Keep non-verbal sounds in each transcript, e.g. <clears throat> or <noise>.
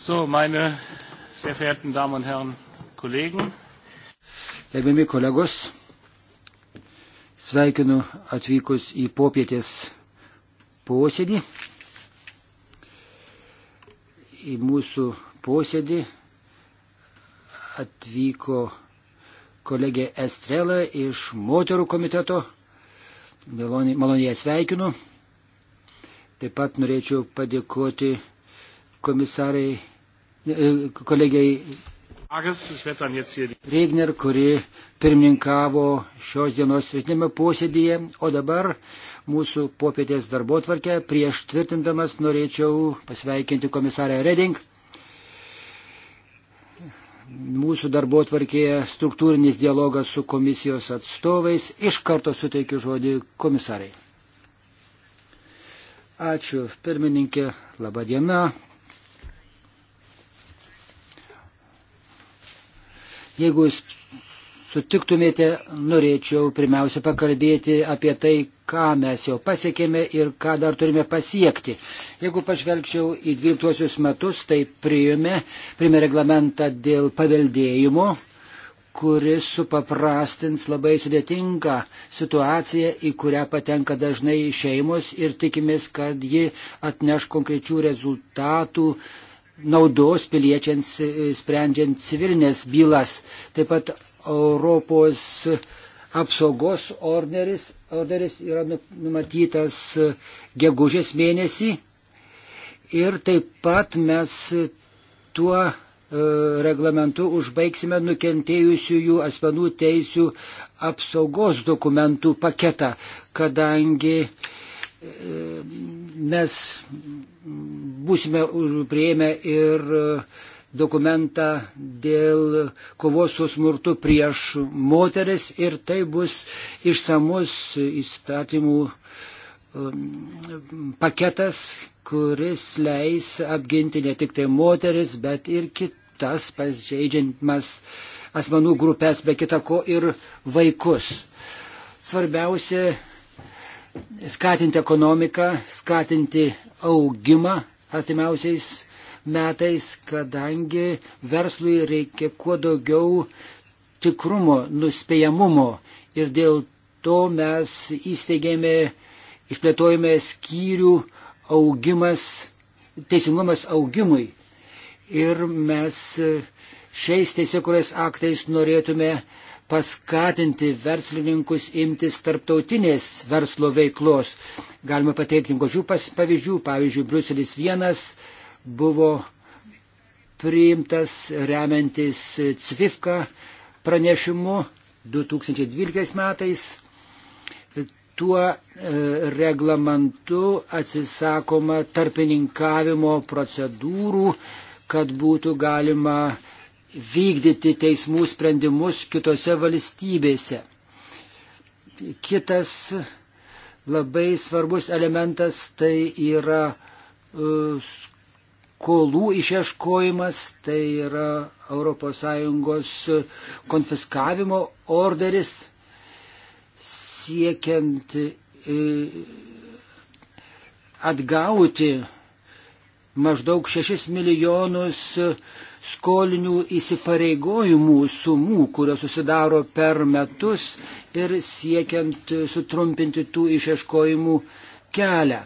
So, meine sehr verehrten Damen und Herren Kollegen. Gerbiami kolegos, sveikinu atvykus į popietės posėdį. Į mūsų posėdį atvyko kolegė Estrela iš moterų komiteto. Maloniai sveikinu. Taip pat norėčiau padėkoti komisarai, e, kolegiai Regner, kuri pirmininkavo šios dienos rytinėme posėdėje, o dabar mūsų popietės darbo tvarkę prieš tvirtindamas norėčiau pasveikinti komisarę Reding. Mūsų darbo tvarkėje struktūrinis dialogas su komisijos atstovais. Iš karto suteikiu žodį komisarai. Ačiū, pirmininkė. Labadiena, Jeigu jūs sutiktumėte, norėčiau pirmiausia pakalbėti apie tai, ką mes jau pasiekėme ir ką dar turime pasiekti. Jeigu pažvelgčiau į 12 metus, tai priėmė, priėmė reglamentą dėl paveldėjimo kuris supaprastins labai sudėtingą situaciją, į kurią patenka dažnai šeimos ir tikimės, kad ji atneš konkrečių rezultatų naudos piliečiams e, sprendžiant civilinės bylas. Taip pat Europos apsaugos orderis, orderis yra nu, numatytas gegužės mėnesį ir taip pat mes tuo e, reglamentu užbaigsime nukentėjusiųjų asmenų teisių apsaugos dokumentų paketą, kadangi e, mes būsime prieėmę ir e, dokumentą dėl kovos su smurtu prieš moteris ir tai bus išsamus įstatymų paketas, kuris leis apginti ne tik tai moteris, bet ir kitas pažeidžiantimas asmenų grupės, be kita ko ir vaikus. Svarbiausia skatinti ekonomiką, skatinti augimą artimiausiais metais, kadangi verslui reikia kuo daugiau tikrumo, nuspėjamumo ir dėl to mes įsteigėme, išplėtojame skyrių augimas, teisingumas augimui. Ir mes šiais teisėkurės aktais norėtume paskatinti verslininkus imtis tarptautinės verslo veiklos. Galima pateikti kokių pavyzdžių. Pavyzdžiui, Bruselis vienas buvo priimtas remiantis Cvifka pranešimu 2012 metais. Tuo e, reglamentu atsisakoma tarpininkavimo procedūrų, kad būtų galima vykdyti teismų sprendimus kitose valstybėse. Kitas labai svarbus elementas tai yra e, skolų išieškojimas, tai yra ES konfiskavimo orderis siekiant e, atgauti maždaug 6 milijonus skolinių įsipareigojimų sumų, kurios susidaro per metus ir siekiant sutrumpinti tų išieškojimų kelią.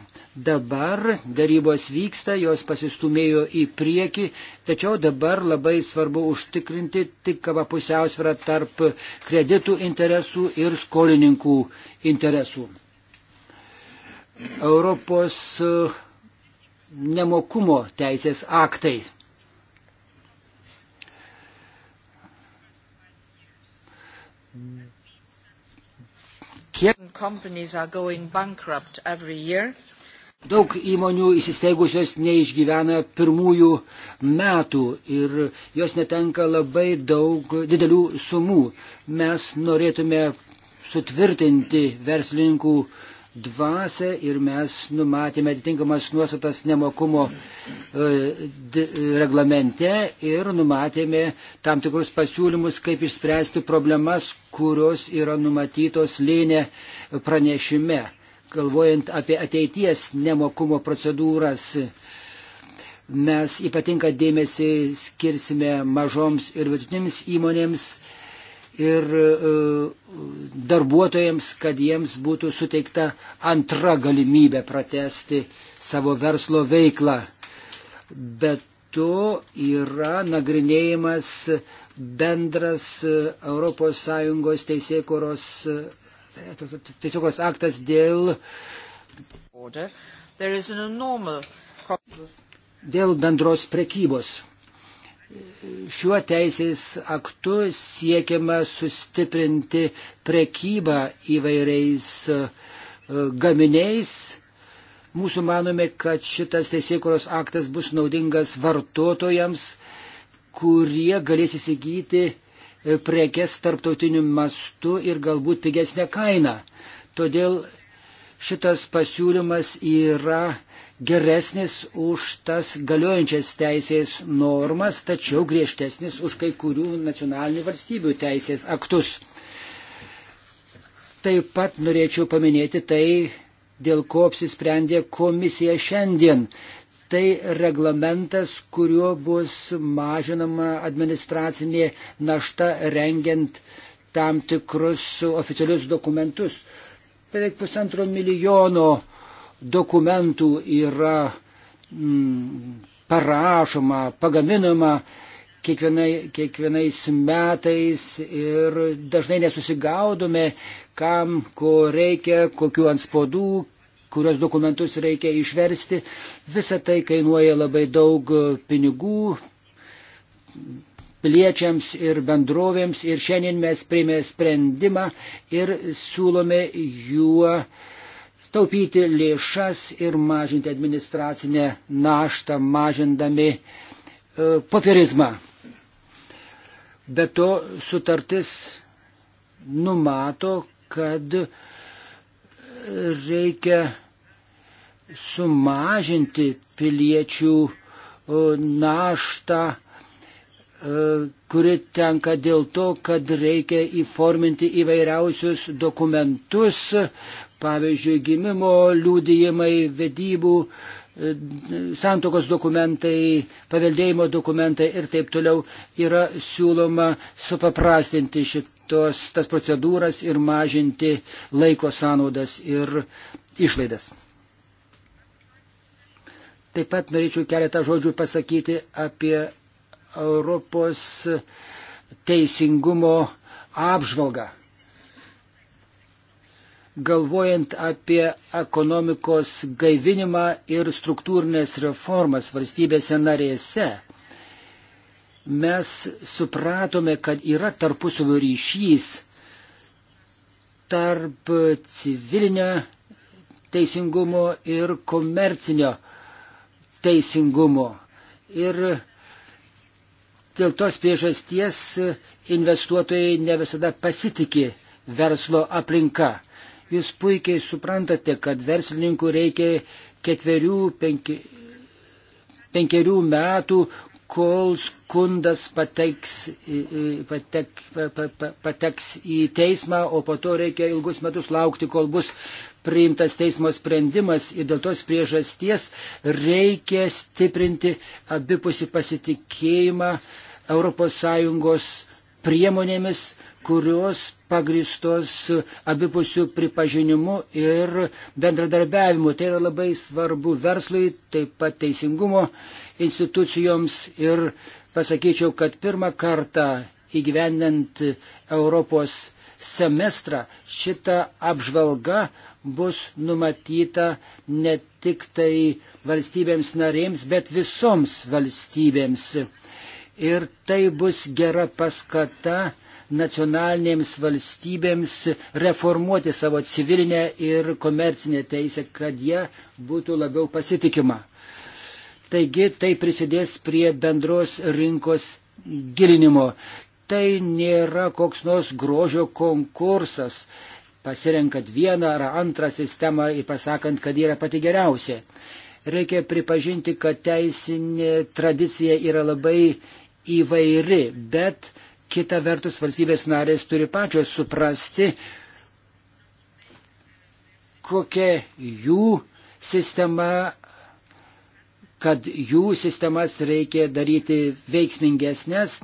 Dabar darybos vyksta, jos pasistumėjo į priekį, tačiau dabar labai svarbu užtikrinti tikamą pusiausvyrą tarp kreditų interesų ir skolininkų interesų. Europos nemokumo teisės aktai Kiek daug įmonių įsisteigusios neišgyvena pirmųjų metų ir jos netenka labai daug didelių sumų. Mes norėtume sutvirtinti verslininkų uh, dvasę ir mes numatėme atitinkamas nuostatas nemokumo e, reglamente ir numatėme tam tikrus pasiūlymus, kaip išspręsti problemas, kurios yra numatytos lėnė pranešime, galvojant apie ateities nemokumo procedūras mes ypatingą dėmesį skirsime mažoms ir vidutinėms įmonėms ir e, darbuotojams, kad jiems būtų suteikta antra galimybė pratesti savo verslo veiklą. Bet to yra nagrinėjimas bendras ES teisėkuros, e, teisėkuros aktas dėl, dėl bendros prekybos. Šiuo teisės aktu siekiama sustiprinti prekybą įvairiais e, gaminiais. Mūsų manome, kad šitas teisėkuros aktas bus naudingas vartotojams, kurie galės įsigyti e, prekes tarptautiniu mastu ir galbūt pigesnę kainą. Todėl šitas pasiūlymas yra geresnis už tas galiojančias teisės normas, tačiau griežtesnis už kai kurių nacionalinių valstybių teisės aktus. Taip pat norėčiau paminėti tai, dėl ko apsisprendė komisija šiandien. Tai reglamentas, kuriuo bus mažinama administracinė našta rengiant tam tikrus oficialius dokumentus. Beveik pusantro milijono uh, dokumentų yra mm, parašoma, pagaminama kiekvienai, kiekvienais metais ir dažnai nesusigaudome, kam, ko reikia, kokiu ant spaudų, kurios dokumentus reikia išversti. Visa tai kainuoja labai daug pinigų piliečiams ir bendrovėms ir šiandien mes priėmė sprendimą ir siūlome juo uh, staupyti lėšas ir mažinti administracinę naštą, mažindami e, popierizmą. Be to sutartis numato, kad reikia sumažinti piliečių e, naštą, e, kuri tenka dėl to, kad reikia įforminti įvairiausius dokumentus, pavyzdžiui, gimimo liūdėjimai, vedybų, e, santokos dokumentai, paveldėjimo dokumentai ir taip toliau yra siūloma supaprastinti šitos tas procedūras ir mažinti laiko sąnaudas ir išlaidas. Taip pat norėčiau keletą žodžių pasakyti apie Europos teisingumo apžvalgą galvojant apie ekonomikos gaivinimą ir struktūrinės reformas valstybėse narėse, mes supratome, kad yra tarpusavio ryšys tarp civilinio teisingumo ir komercinio teisingumo. Ir dėl tos priežasties investuotojai ne visada pasitikė verslo aplinka. Jūs puikiai suprantate, kad verslininkų reikia ketverių, penki, penkerių metų, kol skundas pateks, patek, pateks į teismą, o po to reikia ilgus metus laukti, kol bus priimtas teismo sprendimas ir dėl tos priežasties reikia stiprinti abipusį pasitikėjimą ES priemonėmis, kurios pagristos abipusių pripažinimu ir bendradarbiavimu. Tai yra labai svarbu verslui, taip pat teisingumo institucijoms ir pasakyčiau, kad pirmą kartą įgyvendant Europos semestrą šita apžvalga bus numatyta ne tik tai valstybėms narėms, bet visoms valstybėms ir tai bus gera paskata nacionalinėms valstybėms reformuoti savo civilinę ir komercinę teisę, kad jie būtų labiau pasitikima. Taigi tai prisidės prie bendros rinkos gilinimo. Tai nėra koks nors grožio konkursas, pasirenkant vieną ar antrą sistemą ir pasakant, kad yra pati geriausia reikia pripažinti, kad teisinė tradicija yra labai įvairi, bet kita vertus valstybės narės turi pačios suprasti, kokia jų sistema, kad jų sistemas reikia daryti veiksmingesnės,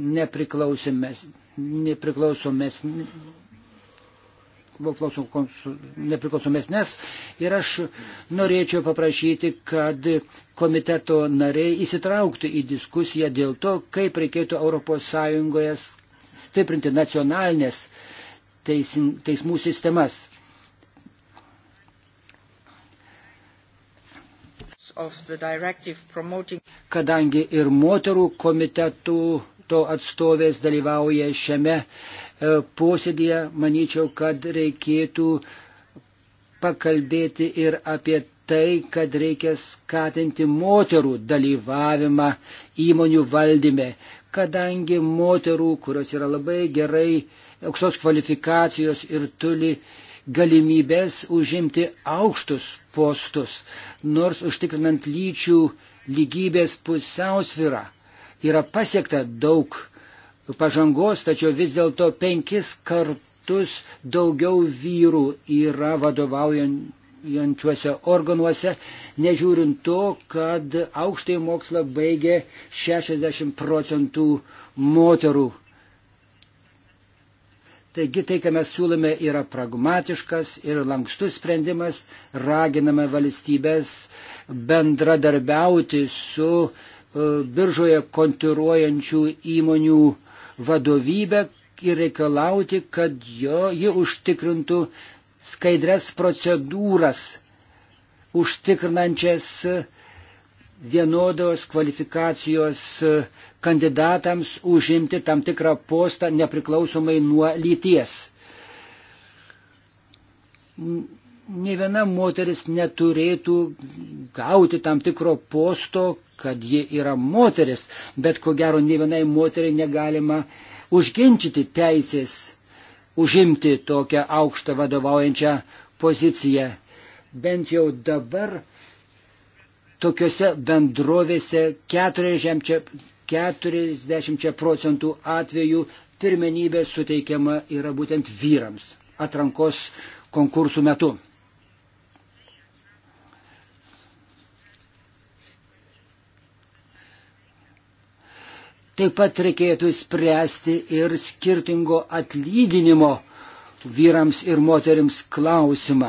nepriklausomesnės nepriklausomesnės ir aš norėčiau paprašyti, kad komiteto nariai įsitrauktų į diskusiją dėl to, kaip reikėtų ES stiprinti nacionalinės teisin, teismų sistemas. Kadangi ir moterų komitetų to atstovės dalyvauja šiame uh, E, posėdėje, manyčiau, kad reikėtų pakalbėti ir apie tai, kad reikia skatinti moterų dalyvavimą įmonių valdyme, kadangi moterų, kurios yra labai gerai aukštos kvalifikacijos ir turi galimybės užimti aukštus postus, nors užtikrinant lyčių lygybės pusiausvyrą yra pasiekta daug pažangos, tačiau vis dėlto penkis kartus daugiau vyrų yra vadovaujančiuose organuose, nežiūrint to, kad aukštai mokslą baigė 60 procentų moterų. Taigi tai, ką mes siūlome, yra pragmatiškas ir lankstus sprendimas, raginame valstybės bendradarbiauti su e, biržoje kontiruojančių įmonių uh, vadovybę ir reikalauti, kad jo, ji užtikrintų skaidres procedūras, užtikrinančias vienodos kvalifikacijos kandidatams užimti tam tikrą postą nepriklausomai nuo lyties ne viena moteris neturėtų gauti tam tikro posto, kad ji yra moteris, bet ko gero ne vienai moteriai negalima užginčyti teisės užimti tokią aukštą vadovaujančią poziciją. Bent jau dabar tokiuose bendrovėse 40 procentų atvejų pirmenybė suteikiama yra būtent vyrams atrankos konkursų metu. Taip pat reikėtų spręsti ir skirtingo atlyginimo vyrams ir moteriams klausimą.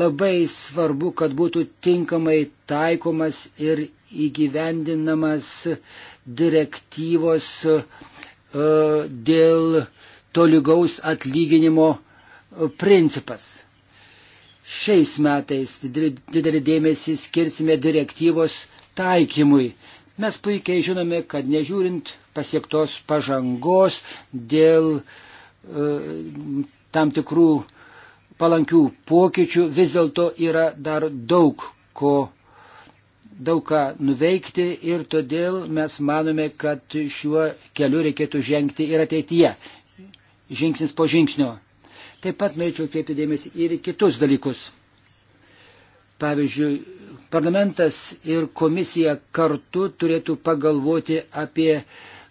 Labai svarbu, kad būtų tinkamai taikomas ir įgyvendinamas direktyvos e, dėl tolygaus atlyginimo e, principas. Šiais metais didelį dėmesį skirsime direktyvos taikymui. Mes puikiai žinome, kad nežiūrint pasiektos pažangos dėl e, tam tikrų palankių pokyčių, vis dėlto yra dar daug ko, daug ką nuveikti ir todėl mes manome, kad šiuo keliu reikėtų žengti ir ateityje, žingsnis po žingsnio. Taip pat norėčiau kreipti dėmesį ir kitus dalykus. Pavyzdžiui, parlamentas ir komisija kartu turėtų pagalvoti apie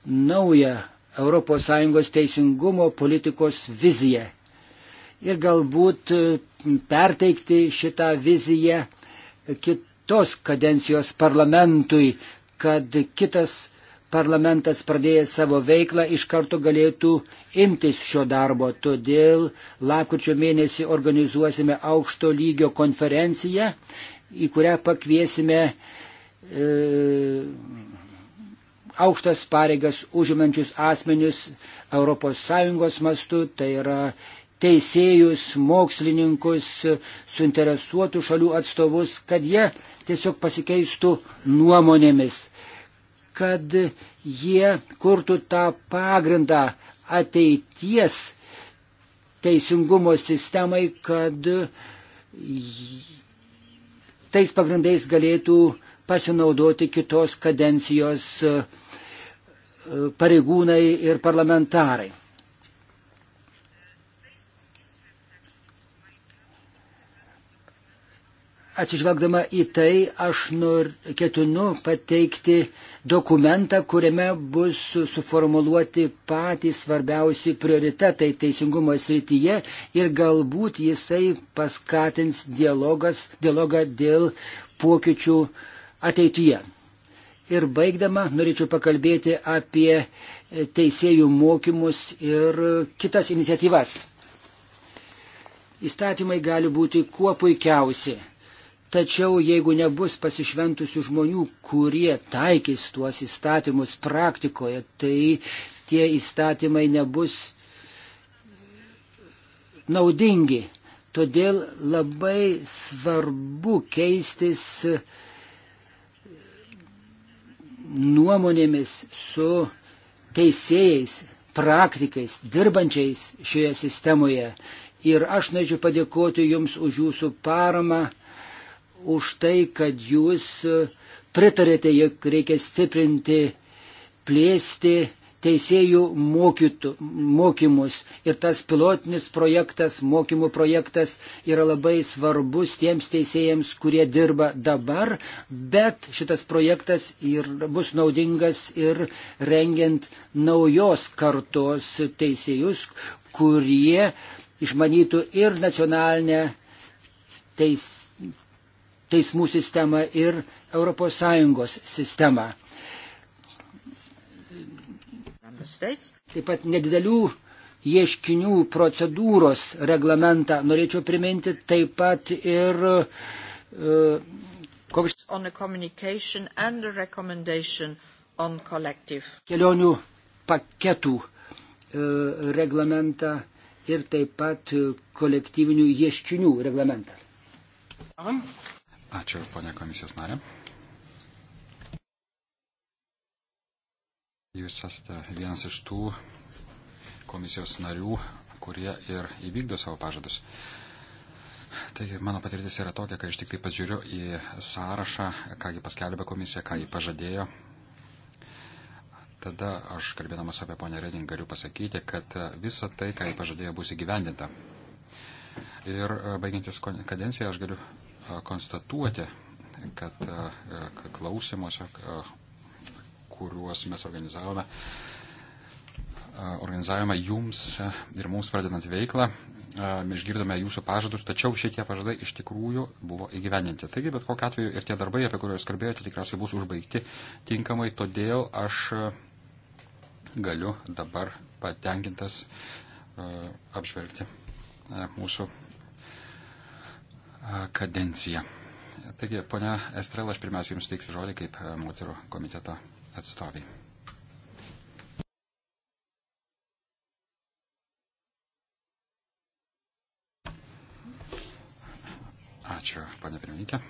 naują ES teisingumo politikos viziją. Ir galbūt e, perteikti šitą viziją kitos kadencijos parlamentui, kad kitas parlamentas pradėjęs savo veiklą iš karto galėtų imtis šio darbo. Todėl lapkričio mėnesį organizuosime aukšto lygio konferenciją į kurią pakviesime e, aukštas pareigas užimančius asmenius ES mastu, tai yra teisėjus, mokslininkus, suinteresuotų šalių atstovus, kad jie tiesiog pasikeistų nuomonėmis, kad jie kurtų tą pagrindą ateities teisingumo sistemai, kad tais pagrindais galėtų pasinaudoti kitos kadencijos e, pareigūnai ir parlamentarai. atsižvelgdama į tai, aš nur, ketinu pateikti dokumentą, kuriame bus suformuluoti patys svarbiausi prioritetai teisingumo srityje ir galbūt jisai paskatins dialogas, dialogą dėl pokyčių ateityje. Ir baigdama, norėčiau pakalbėti apie e, teisėjų mokymus ir kitas iniciatyvas. Įstatymai gali būti kuo puikiausi Tačiau jeigu nebus pasišventusių žmonių, kurie taikys tuos įstatymus praktikoje, tai tie įstatymai nebus naudingi. Todėl labai svarbu keistis nuomonėmis su teisėjais, praktikais, dirbančiais šioje sistemoje. Ir aš norėčiau padėkoti Jums už Jūsų paramą už tai, kad jūs e, pritarėte, jog reikia stiprinti, plėsti teisėjų mokytų, mokymus. Ir tas pilotinis projektas, mokymų projektas yra labai svarbus tiems teisėjams, kurie dirba dabar, bet šitas projektas ir bus naudingas ir rengiant naujos kartos teisėjus, kurie išmanytų ir nacionalinę teisę teismų sistemą ir ES sistemą. Taip pat nedidelių ieškinių procedūros reglamentą norėčiau priminti taip pat ir uh, kelionių paketų e, reglamentą ir taip pat e, kolektyvinių ieškinių reglamentą. Ačiū, ponia komisijos narė. Jūs esate vienas iš tų komisijos narių, kurie ir įvykdo savo pažadus. Taigi, mano patirtis yra tokia, kai aš tik taip pažiūriu į sąrašą, kągi paskelbė komisija, ką jį pažadėjo. Tada aš, kalbėdamas apie ponę Reding, galiu pasakyti, kad visa tai, ką jį pažadėjo, bus įgyvendinta. Ir e, baigiantis kadenciją, aš galiu konstatuoti, kad klausimuose, kuriuos mes organizavome, organizavome jums ir mums pradedant veiklą, mes išgirdome jūsų pažadus, tačiau šitie pažadai iš tikrųjų buvo įgyveninti. Taigi, bet kokiu atveju ir tie darbai, apie kuriuos kalbėjote, tikriausiai bus užbaigti tinkamai, todėl aš galiu dabar patenkintas apžvelgti mūsų kadenciją. Taigi, ponia Estrela, aš pirmiausia Jums teiksiu žodį kaip moterų komiteto atstoviai. Ačiū, panė pirmininkė.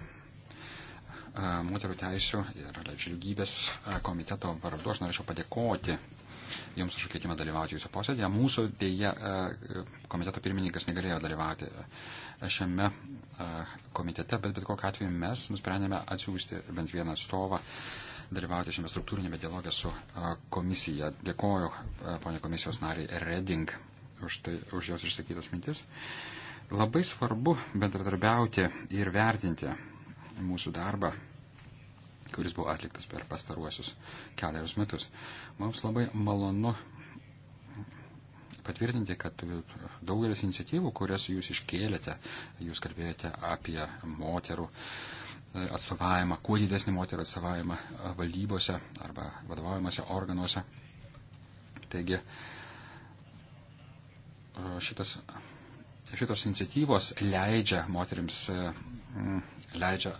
Moterų teisų ir lygybės komiteto vardu aš norėčiau padėkoti jums už kvietimą dalyvauti jūsų posėdėje. Mūsų dėja e, komiteto pirmininkas negalėjo dalyvauti e, šiame e, komitete, bet bet kokiu atveju mes nusprendėme atsiųsti bent vieną atstovą dalyvauti šiame struktūrinėme dialogė su komisija. Dėkoju, ponė komisijos nariai Reding, už, tai, už jos išsakytas mintis. Labai svarbu bendradarbiauti ir vertinti mūsų darbą kuris buvo atliktas per pastaruosius keliarius metus. Mums labai malonu patvirtinti, kad daugelis iniciatyvų, kurias jūs iškėlėte, jūs kalbėjote apie moterų e, atstovavimą, kuo didesnį moterų atstovavimą e, valdybose arba vadovaujamuose organuose. Taigi e, šitas, šitos iniciatyvos leidžia moteriams leidžia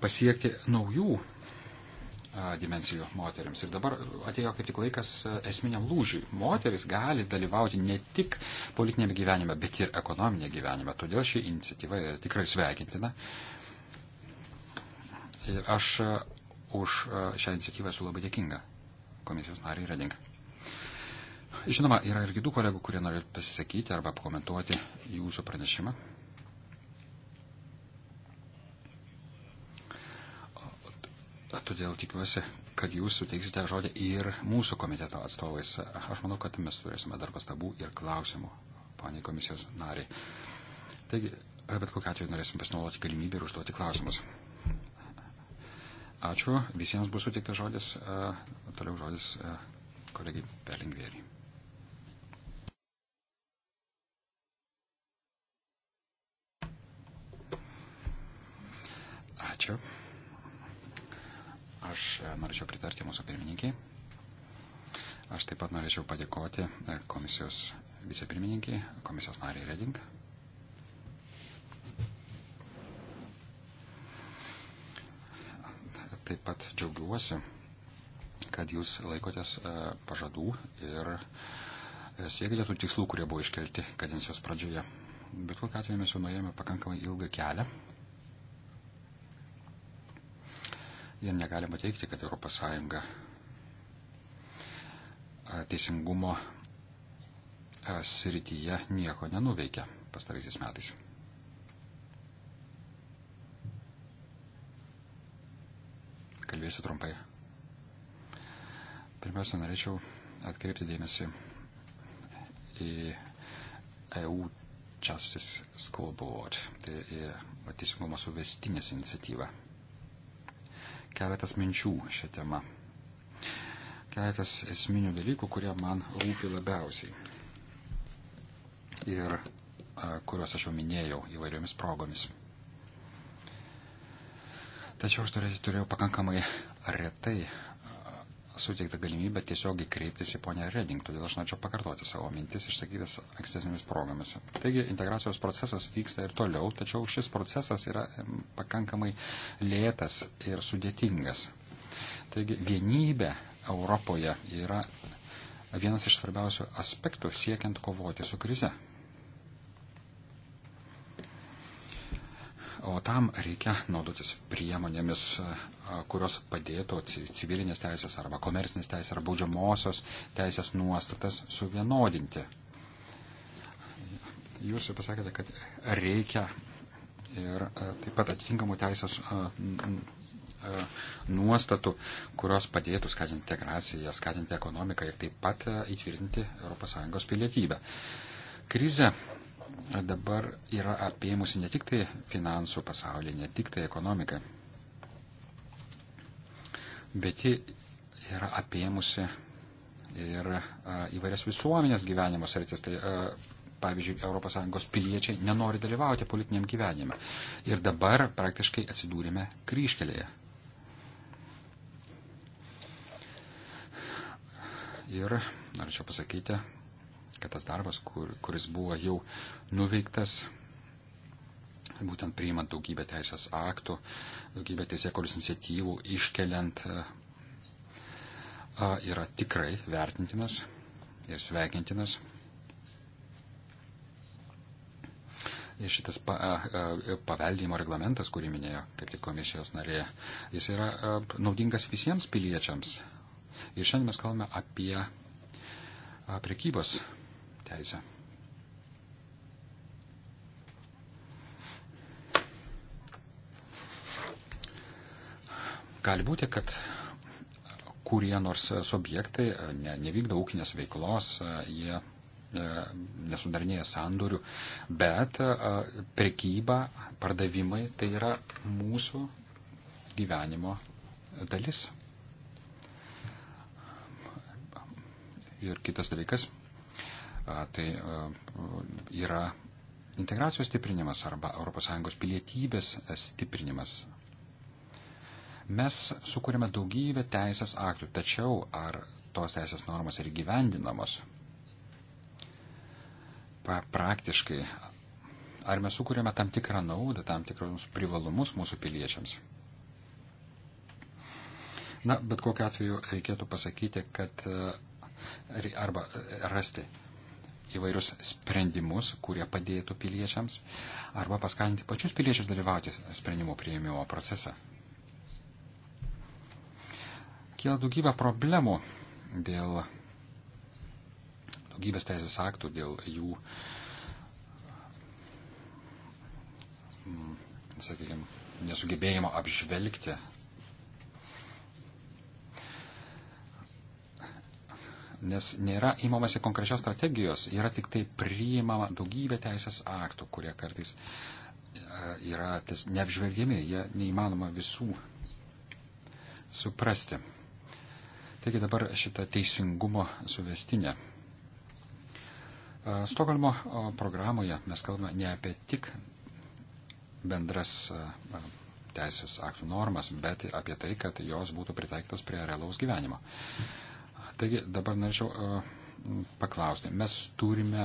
pasiekti naujų dimensijų moteriams. Ir dabar atėjo kaip tik laikas esminiam lūžiui. Moteris gali dalyvauti ne tik politinėme gyvenime, bet ir ekonominėme gyvenime. Todėl ši iniciatyva yra tikrai sveikintina. Ir aš už šią iniciatyvą esu labai dėkinga komisijos nariai Reding. Žinoma, yra ir kitų kolegų, kurie norėtų pasisakyti arba pakomentuoti jūsų pranešimą. Todėl tikiuosi, kad jūs suteiksite žodį ir mūsų komiteto atstovais. Aš manau, kad mes turėsime dar pastabų ir klausimų, paniai komisijos nariai. Taigi, bet kokiu atveju norėsim pasinaudoti galimybę ir užduoti klausimus. Ačiū. Visiems bus suteiktas žodis. Toliau žodis e, kolegai Perlingvėriai. Ačiū. Aš e, norėčiau pritarti mūsų pirmininkiai. Aš taip pat norėčiau padėkoti e, komisijos vicepirmininkiai, komisijos nariai Reding. Taip pat džiaugiuosi, kad jūs laikotės e, pažadų ir siekite tų tikslų, kurie buvo iškelti kadencijos pradžioje. Bet kokiu atveju mes jau nuėjome pakankamai ilgą kelią ir negalima teikti, kad ES teisingumo srityje nieko nenuveikia pastaraisiais metais. Kalbėsiu trumpai. Pirmiausia, norėčiau atkreipti dėmesį į EU Justice Scoreboard, tai teisingumo suvestinės iniciatyva keletas minčių šią temą. Keletas esminių dalykų, kurie man rūpi labiausiai. Ir kuriuos aš jau minėjau įvairiomis progomis. Tačiau aš turėjau pakankamai retai suteikta galimybė tiesiogiai kreiptis į ponę Reding, todėl aš norėčiau pakartoti savo mintis išsakytas ankstesnėmis progomis. Taigi integracijos procesas vyksta ir toliau, tačiau šis procesas yra pakankamai lėtas ir sudėtingas. Taigi vienybė Europoje yra vienas iš svarbiausių aspektų siekiant kovoti su krize. O tam reikia naudotis priemonėmis, kurios padėtų civilinės teisės arba komersinės teisės arba baudžiamosios teisės nuostatas suvienodinti. Jūs pasakėte, kad reikia ir taip pat atitinkamų teisės nuostatų, kurios padėtų skatinti integraciją, skatinti ekonomiką ir taip pat įtvirtinti ES pilietybę. Krize dabar yra apėmusi ne tik tai finansų pasaulį, ne tik tai ekonomiką, bet ji yra apėmusi ir a, įvairias visuomenės gyvenimo sritis. Tai, a, pavyzdžiui, ES piliečiai nenori dalyvauti politiniam gyvenime. Ir dabar praktiškai atsidūrėme kryškelėje. Ir norėčiau pasakyti, kad tas darbas, kur, kuris buvo jau nuveiktas, būtent priimant daugybę teisės aktų, daugybę teisėkolis iniciatyvų, iškeliant, e, yra tikrai vertintinas ir sveikintinas. Ir šitas pa, a, a, paveldėjimo reglamentas, kurį minėjo kaip tik komisijos narė, jis yra a, naudingas visiems piliečiams. Ir šiandien mes kalbame apie a, prekybos teisę. Gali būti, kad kurie nors subjektai ne, nevykdo ūkinės veiklos, jie e, nesudarinėja sandorių, bet e, prekyba, pardavimai tai yra mūsų gyvenimo dalis. Ir kitas dalykas, tai yra integracijos stiprinimas arba ES pilietybės stiprinimas. Mes sukūrėme daugybę teisės aktų, tačiau ar tos teisės normos yra gyvendinamos pra praktiškai, ar mes sukūrėme tam tikrą naudą, tam tikrus privalumus mūsų piliečiams. Na, bet kokiu atveju reikėtų pasakyti, kad e, arba e, rasti įvairius sprendimus, kurie padėtų piliečiams, arba paskatinti pačius piliečius dalyvauti sprendimų prieimimo procese. Kėl daugybę problemų dėl daugybės teisės aktų, dėl jų, mm, sakykime, nesugebėjimo apžvelgti nes nėra įmamasi konkrečios strategijos, yra tik tai priimama daugybė teisės aktų, kurie kartais e, yra ties, neapžvelgiami, jie neįmanoma visų suprasti. Taigi dabar šitą teisingumo suvestinę. E, Stokholmo programoje mes kalbame ne apie tik bendras e, teisės aktų normas, bet ir apie tai, kad jos būtų pritaikytos prie realaus gyvenimo. Mhm. Taigi dabar norėčiau e, paklausti. Mes turime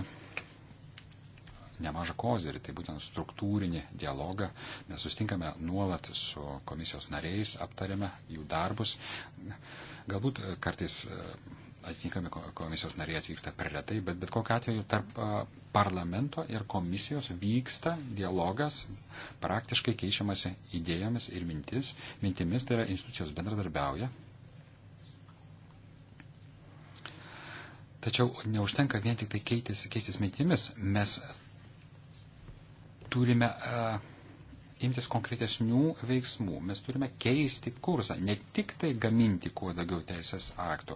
nemažą kozerį, tai būtent struktūrinį dialogą. Mes sustinkame nuolat su komisijos nariais, aptariame jų darbus. Galbūt e, kartais e, atitinkami komisijos nariai atvyksta per retai, bet bet kokiu atveju tarp parlamento ir komisijos vyksta dialogas, praktiškai keičiamasi idėjomis ir mintis, mintimis, tai yra institucijos bendradarbiauja, Tačiau neužtenka vien tik tai keitis, keistis mintimis. Mes turime uh, imtis konkretesnių veiksmų. Mes turime keisti kursą. Ne tik tai gaminti kuo daugiau teisės aktų.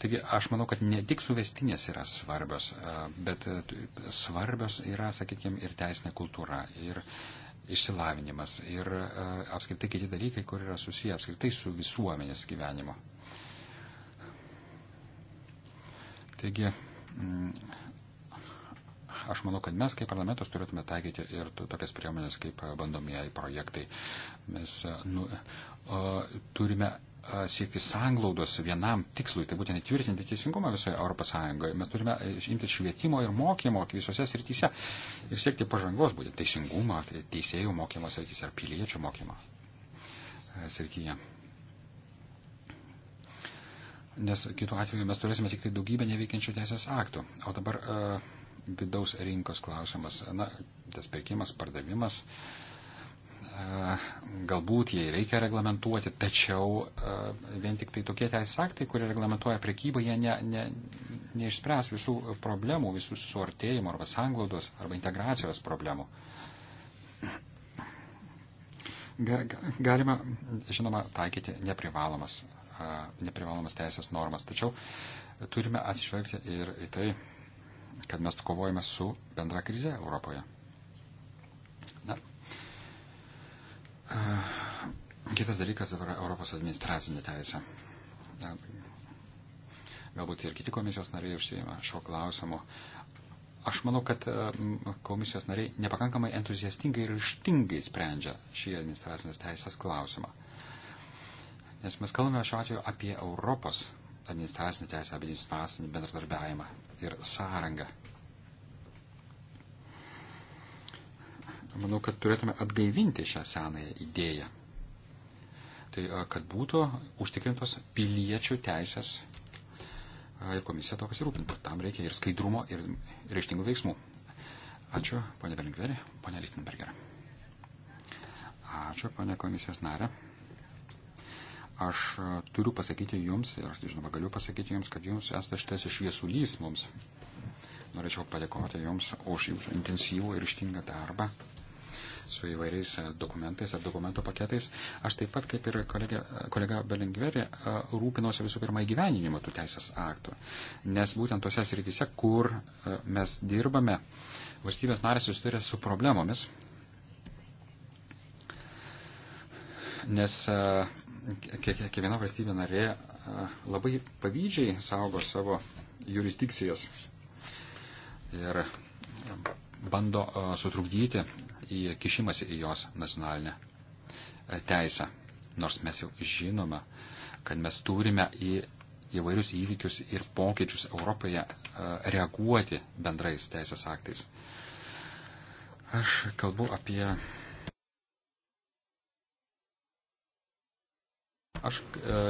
Taigi aš manau, kad ne tik suvestinės yra svarbios, e, bet e, svarbios yra, sakykime, ir teisinė kultūra, ir išsilavinimas ir e, apskritai kiti dalykai, kur yra susiję apskritai su visuomenės gyvenimu. Taigi, mm, aš manau, kad mes kaip parlamentas turėtume taikyti ir tokias priemonės kaip bandomieji projektai. Mes e, nu, e, turime siekti sanglaudos vienam tikslui, tai būtent įtvirtinti teisingumą visoje Europos Sąjungoje. Mes turime e, imtis švietimo ir mokymo visose srityse ir siekti pažangos būtent teisingumo, tai teisėjų mokymo srityse ar piliečių mokymo e, srityje. Nes kitų atveju mes turėsime tik tai daugybę neveikiančių teisės aktų. O dabar uh, vidaus rinkos klausimas, na, tas pirkimas, pardavimas. Uh, E, galbūt jai reikia reglamentuoti, tačiau e, vien tik tai tokie teisės aktai, kurie reglamentuoja prekybą, jie ne, ne, neišspręs visų problemų, visų suartėjimo arba sanglaudos arba integracijos problemų. Galima, žinoma, taikyti neprivalomas, e, neprivalomas teisės normas, tačiau turime atsižvelgti ir į tai, kad mes kovojame su bendra krize Europoje. Kitas dalykas dabar Europos administracinė teisė. Galbūt ir kiti komisijos nariai užsieima šio klausimu. Aš manau, kad komisijos nariai nepakankamai entuziastingai ir ištingai sprendžia šį administracinės teisės klausimą. Nes mes kalbame šiuo atveju apie Europos administracinę teisę, administracinį bendradarbiavimą ir sąrangą. manau, kad turėtume atgaivinti šią senąją idėją. Tai kad būtų užtikrintos piliečių teisės ir komisija to pasirūpintų. Tam reikia ir skaidrumo, ir reištingų veiksmų. Ačiū, ponė Belinkverė, ponė Lichtenberger. Ačiū, ponė komisijos narė. Aš turiu pasakyti jums, ir aš žinoma galiu pasakyti jums, kad jums esate šitas išviesulys mums. Norėčiau padėkoti jums už jūsų intensyvų ir ištingą darbą su įvairiais e, dokumentais ar dokumento paketais. Aš taip pat, kaip ir kolega, kolega Belingveri, e, rūpinosi visų pirma įgyveninimu tų teisės aktų. Nes būtent tose srityse, kur e, mes dirbame, valstybės narės susiduria su problemomis. Nes kiekviena valstybė narė labai pavydžiai saugo savo jurisdikcijas ir bando sutrukdyti į kišimąsi į jos nacionalinę e, teisę. Nors mes jau žinome, kad mes turime į įvairius įvykius ir pokyčius Europoje e, reaguoti bendrais teisės aktais. Aš kalbu apie. Aš e,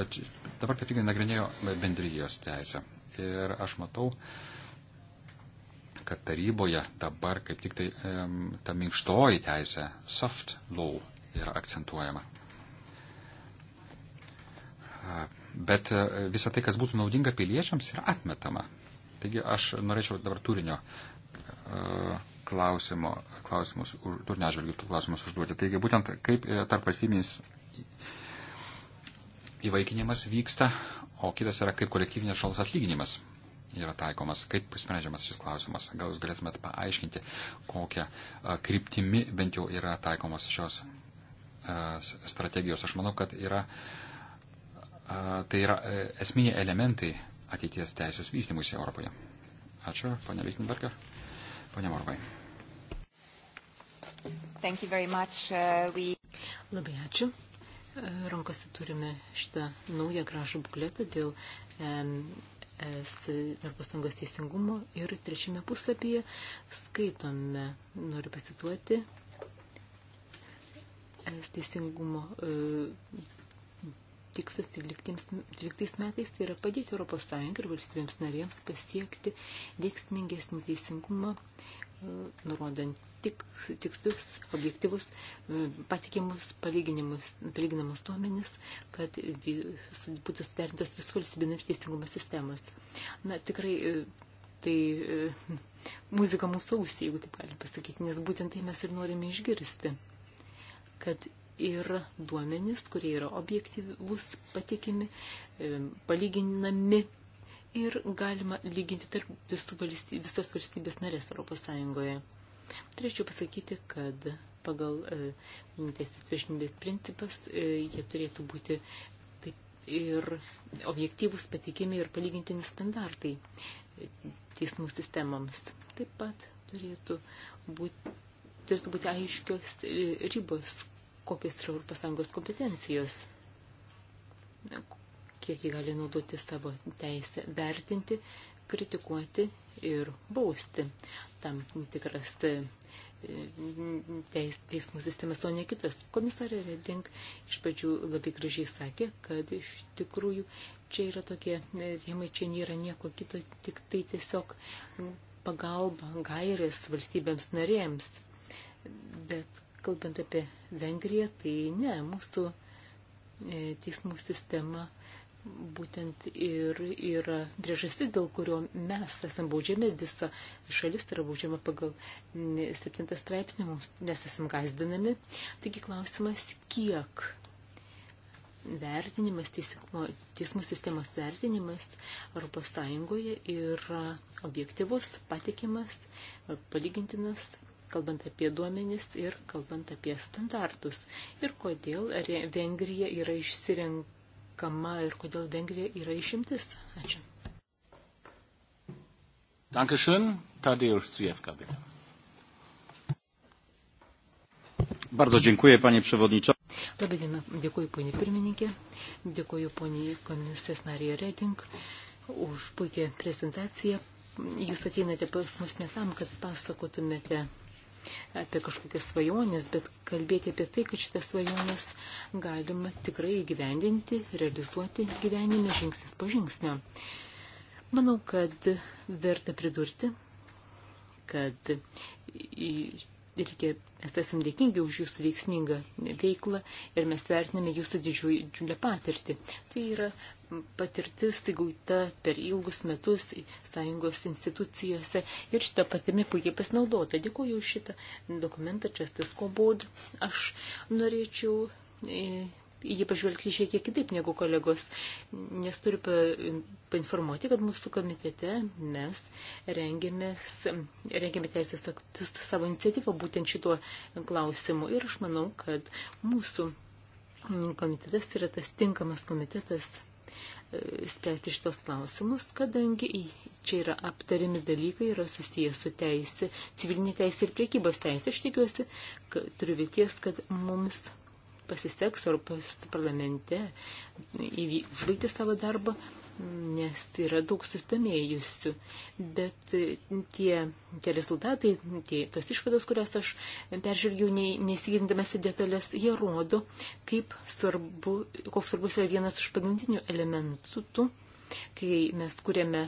dabar kaip tik nagrinėjau bendrijos teisę ir aš matau, kad taryboje dabar kaip tik tai ta minkštoji teisė, soft law, yra akcentuojama. Bet e, visa tai, kas būtų naudinga piliečiams, yra atmetama. Taigi aš norėčiau dabar turinio e, klausimo, klausimus, turinio atžvilgių klausimus užduoti. Taigi būtent kaip e, tarp valstybinis įvaikinimas vyksta, o kitas yra kaip kolektyvinės žalos atlyginimas yra taikomas. Kaip sprendžiamas šis klausimas? Gal jūs galėtumėt paaiškinti, kokią kryptimi bent jau yra taikomas šios strategijos? Aš manau, kad yra, tai yra e, esminiai elementai ateities teisės vystimuisi Europoje. Ačiū, ponia Lichtenberger. Ponia Morvai. Thank you very much. Uh, we... Labai ačiū. E, rankose turime šitą naują gražų bukletą dėl es ir pastangos teisingumo. Ir trečiame puslapyje skaitome, noriu pasituoti, es teisingumo e, tikslas 13 metais tai yra padėti Europos Sąjungai ir valstybėms narėms pasiekti veiksmingesnį teisingumą nurodant tik, tikslius, objektyvus, e, patikimus palyginamus duomenis, kad būtų suderintos visų valstybinių ir teisingumo sistemas. Na, tikrai e, tai e, muzika mūsų ausį, jeigu taip galim pasakyti, nes būtent tai mes ir norime išgirsti, kad yra duomenys, kurie yra objektyvus, patikimi, palyginami ir galima lyginti tarp valstybės, visas valstybės narės Europos Sąjungoje. Turėčiau pasakyti, kad pagal e, teisės priešinybės principas e, jie turėtų būti taip ir objektyvus patikimi ir palygintini standartai e, teismų sistemoms. Taip pat turėtų būti, turėtų būti aiškios e, ribos, kokios yra Europos Sąjungos kompetencijos kiek jį gali naudoti savo teisę vertinti, kritikuoti ir bausti. Tam tikras e, teis, teismų sistemas, o ne kitas. Komisarė Reding iš pradžių labai gražiai sakė, kad iš tikrųjų čia yra tokie e, rėmai, čia nėra nieko kito, tik tai tiesiog pagalba, gairės valstybėms narėms. Bet kalbant apie Vengriją, tai ne, mūsų e, teismų sistema būtent ir yra priežastis, dėl kurio mes esam baudžiami, visa šalis yra baudžiama pagal septintą straipsnį, mes esam gazdinami. Taigi klausimas, kiek vertinimas, teismo, teismų sistemos vertinimas Europos Sąjungoje yra objektivus, patikimas, palygintinas, kalbant apie duomenis ir kalbant apie standartus. Ir kodėl Vengrija yra išsirinkusi atliekama ir kodėl Vengrija yra išimtis. Ačiū. Dankeschön. Tadeusz Cijewka, bitte. Bardzo dziękuję, panie przewodniczący. Labai diena. Dėkuoju, ponė pirmininkė. Dėkuoju, ponė komisijos narė Reding, už puikią prezentaciją. Jūs ateinate pas mus ne tam, kad pasakotumėte apie kažkokias svajonės, bet kalbėti apie tai, kad šitas svajonės galima tikrai įgyvendinti, realizuoti gyvenime žingsnis po žingsnio. Manau, kad verta pridurti, kad reikia, mes esame dėkingi už jūsų veiksmingą veiklą ir mes vertiname jūsų didžiulę patirtį. Tai yra patirtis, tai gauta per ilgus metus sąjungos institucijose ir šitą patirtį puikiai pasinaudota. Dėkuoju už šitą dokumentą, čia tas kobod. Aš norėčiau e, jį pažvelgti šiek tiek kitaip negu kolegos, nes turiu painformuoti, kad mūsų komitete mes rengiamės, rengiame teisės aktus savo iniciatyvą būtent šituo klausimu ir aš manau, kad mūsų komitetas yra tas tinkamas komitetas e, spręsti šitos klausimus, kadangi čia yra aptariami dalykai, yra susijęs su teisė, civilinė teisė ir priekybos teisė. Aš tikiuosi, kad turiu vilties, kad mums pasiseks Europos parlamente užbaigti savo darbą, nes yra daug susidomėjusių. Bet e, tie, tie rezultatai, tie, tos išvados, kurias aš peržvelgiau, nesigilindamas į detalės, jie rodo, kaip svarbu, koks svarbus yra vienas iš pagrindinių elementų, kai mes kūrėme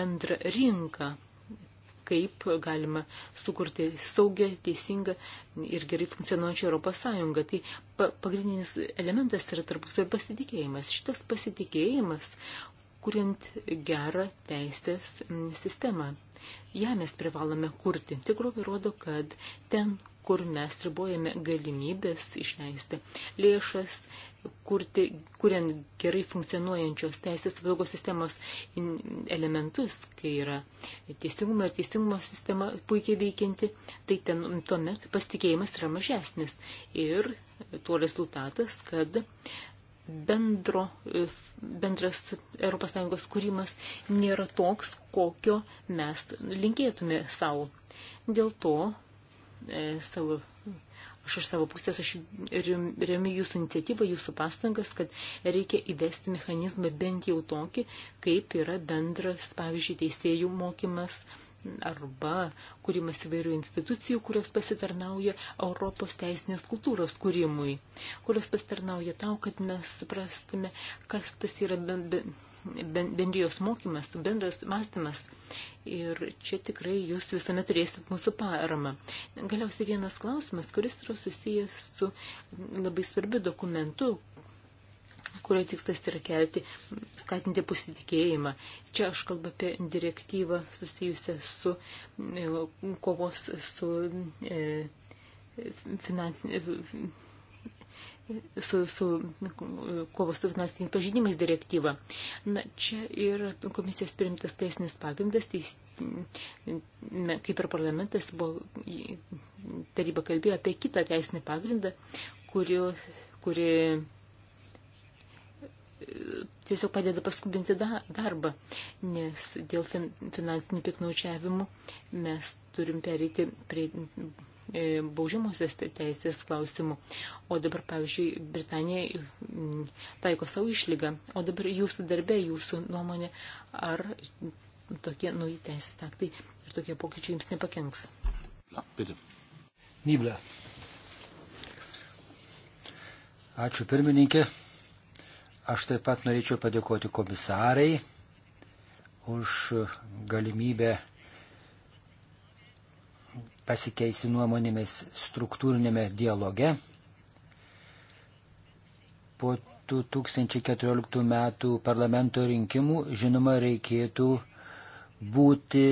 bendrą rinką kaip galima sukurti saugę, teisingą ir gerai funkcionuojančią Europos Sąjungą. Tai pa pagrindinis elementas yra tarpusavio pasitikėjimas. Šitas pasitikėjimas, kuriant gerą teisės sistemą. Ja mes privalome kurti. Tikrovė rodo, kad ten, kur mes ribojame galimybės išleisti lėšas, kurti, kuriant gerai funkcionuojančios teisės apsaugos sistemos elementus, kai yra teisingumo ir teisingumo sistema puikiai veikianti, tai ten, tuomet pasitikėjimas yra mažesnis. Ir tuo rezultatas, kad bendro, bendras ES kūrimas nėra toks, kokio mes linkėtume savo. Dėl to e, savo Aš iš savo pusės aš remiu jūsų iniciatyvą, jūsų pastangas, kad reikia įvesti mechanizmą bent jau tokį, kaip yra bendras, pavyzdžiui, teisėjų mokymas arba kūrimas įvairių institucijų, kurios pasitarnauja Europos teisinės kultūros kūrimui, kurios pasitarnauja tau, kad mes suprastume, kas tas yra bendras bendrijos mokymas, bendras mąstymas. Ir čia tikrai jūs visame turėsit mūsų paramą. Galiausiai vienas klausimas, kuris yra susijęs su labai svarbiu dokumentu, kurio tikslas yra kelti, skatinti pasitikėjimą. Čia aš kalbu apie direktyvą susijusią su e, kovos su e, finansinė su, su kovos su finansiniais pažydimais direktyva. Na, čia ir komisijos priimtas teisinis pagrindas, teis, kaip ir parlamentas, buvo, taryba kalbėjo apie kitą teisinį pagrindą, kurio, kuri tiesiog padeda paskubinti darbą, nes dėl fin, finansinių piknaučiavimų mes turim perėti prie E, baudžiamosios teisės klausimų. O dabar, pavyzdžiui, Britanija mm, taiko savo išlygą. O dabar jūsų darbė, jūsų nuomonė, ar tokie nauji teisės aktai ir tokie pokyčiai jums nepakenks. Nyblė. Ačiū pirmininkė. Aš taip pat norėčiau padėkoti komisarai už galimybę pasikeisti nuomonėmis struktūrinėme dialoge. Po 2014 metų parlamento rinkimų, žinoma, reikėtų būti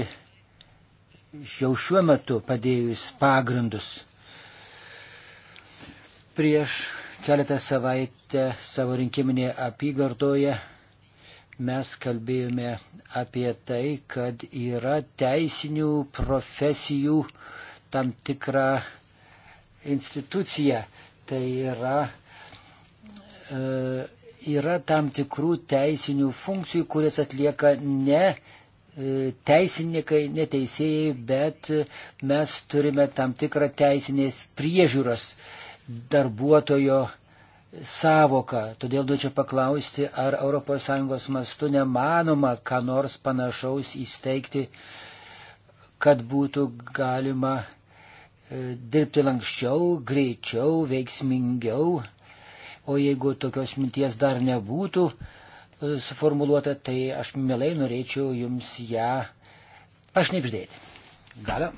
jau šiuo metu padėjus pagrindus. Prieš keletą savaitę savo rinkiminėje apygardoje mes kalbėjome apie tai, kad yra teisinių profesijų tam tikra institucija. Tai yra, e, yra tam tikrų teisinių funkcijų, kurias atlieka ne e, teisininkai, neteisėjai, bet mes turime tam tikrą teisinės priežiūros darbuotojo savoką. Todėl duočiau paklausti, ar ES mastu nemanoma, ką nors panašaus įsteigti, kad būtų galima e, dirbti lankščiau, greičiau, veiksmingiau. O jeigu tokios minties dar nebūtų e, suformuoluota, tai aš mielai norėčiau jums ją pašnipždėti. Galia.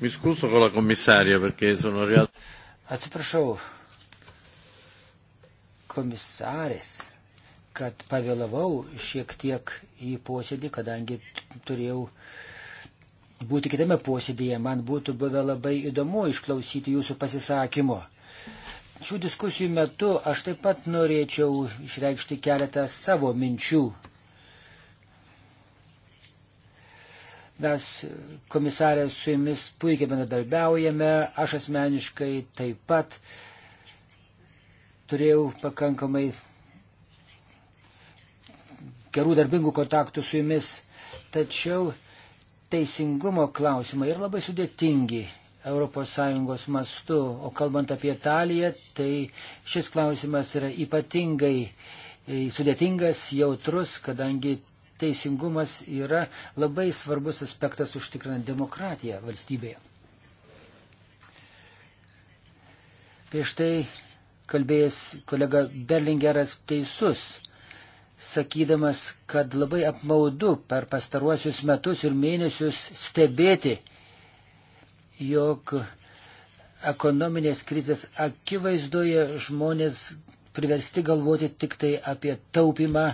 Mi scuso con la commissaria perché sono arrivato. Atsiprašau, komisarės, kad pavėlavau šiek tiek į posėdį, kadangi turėjau būti kitame posėdėje. Man būtų buvę labai įdomu išklausyti jūsų pasisakymo. Šių diskusijų metu aš taip pat norėčiau išreikšti keletą savo minčių Mes, komisarė, su jumis puikiai bendradarbiaujame, aš asmeniškai taip pat turėjau pakankamai gerų darbingų kontaktų su jumis, tačiau teisingumo klausimai yra labai sudėtingi ES mastu, o kalbant apie Italiją, tai šis klausimas yra ypatingai e, sudėtingas, jautrus, kadangi teisingumas yra labai svarbus aspektas užtikrinant demokratiją valstybėje. Prieš tai kalbėjęs kolega Berlingeras teisus, sakydamas, kad labai apmaudu per pastaruosius metus ir mėnesius stebėti, jog ekonominės krizės akivaizdoje žmonės priversti galvoti tik tai apie taupimą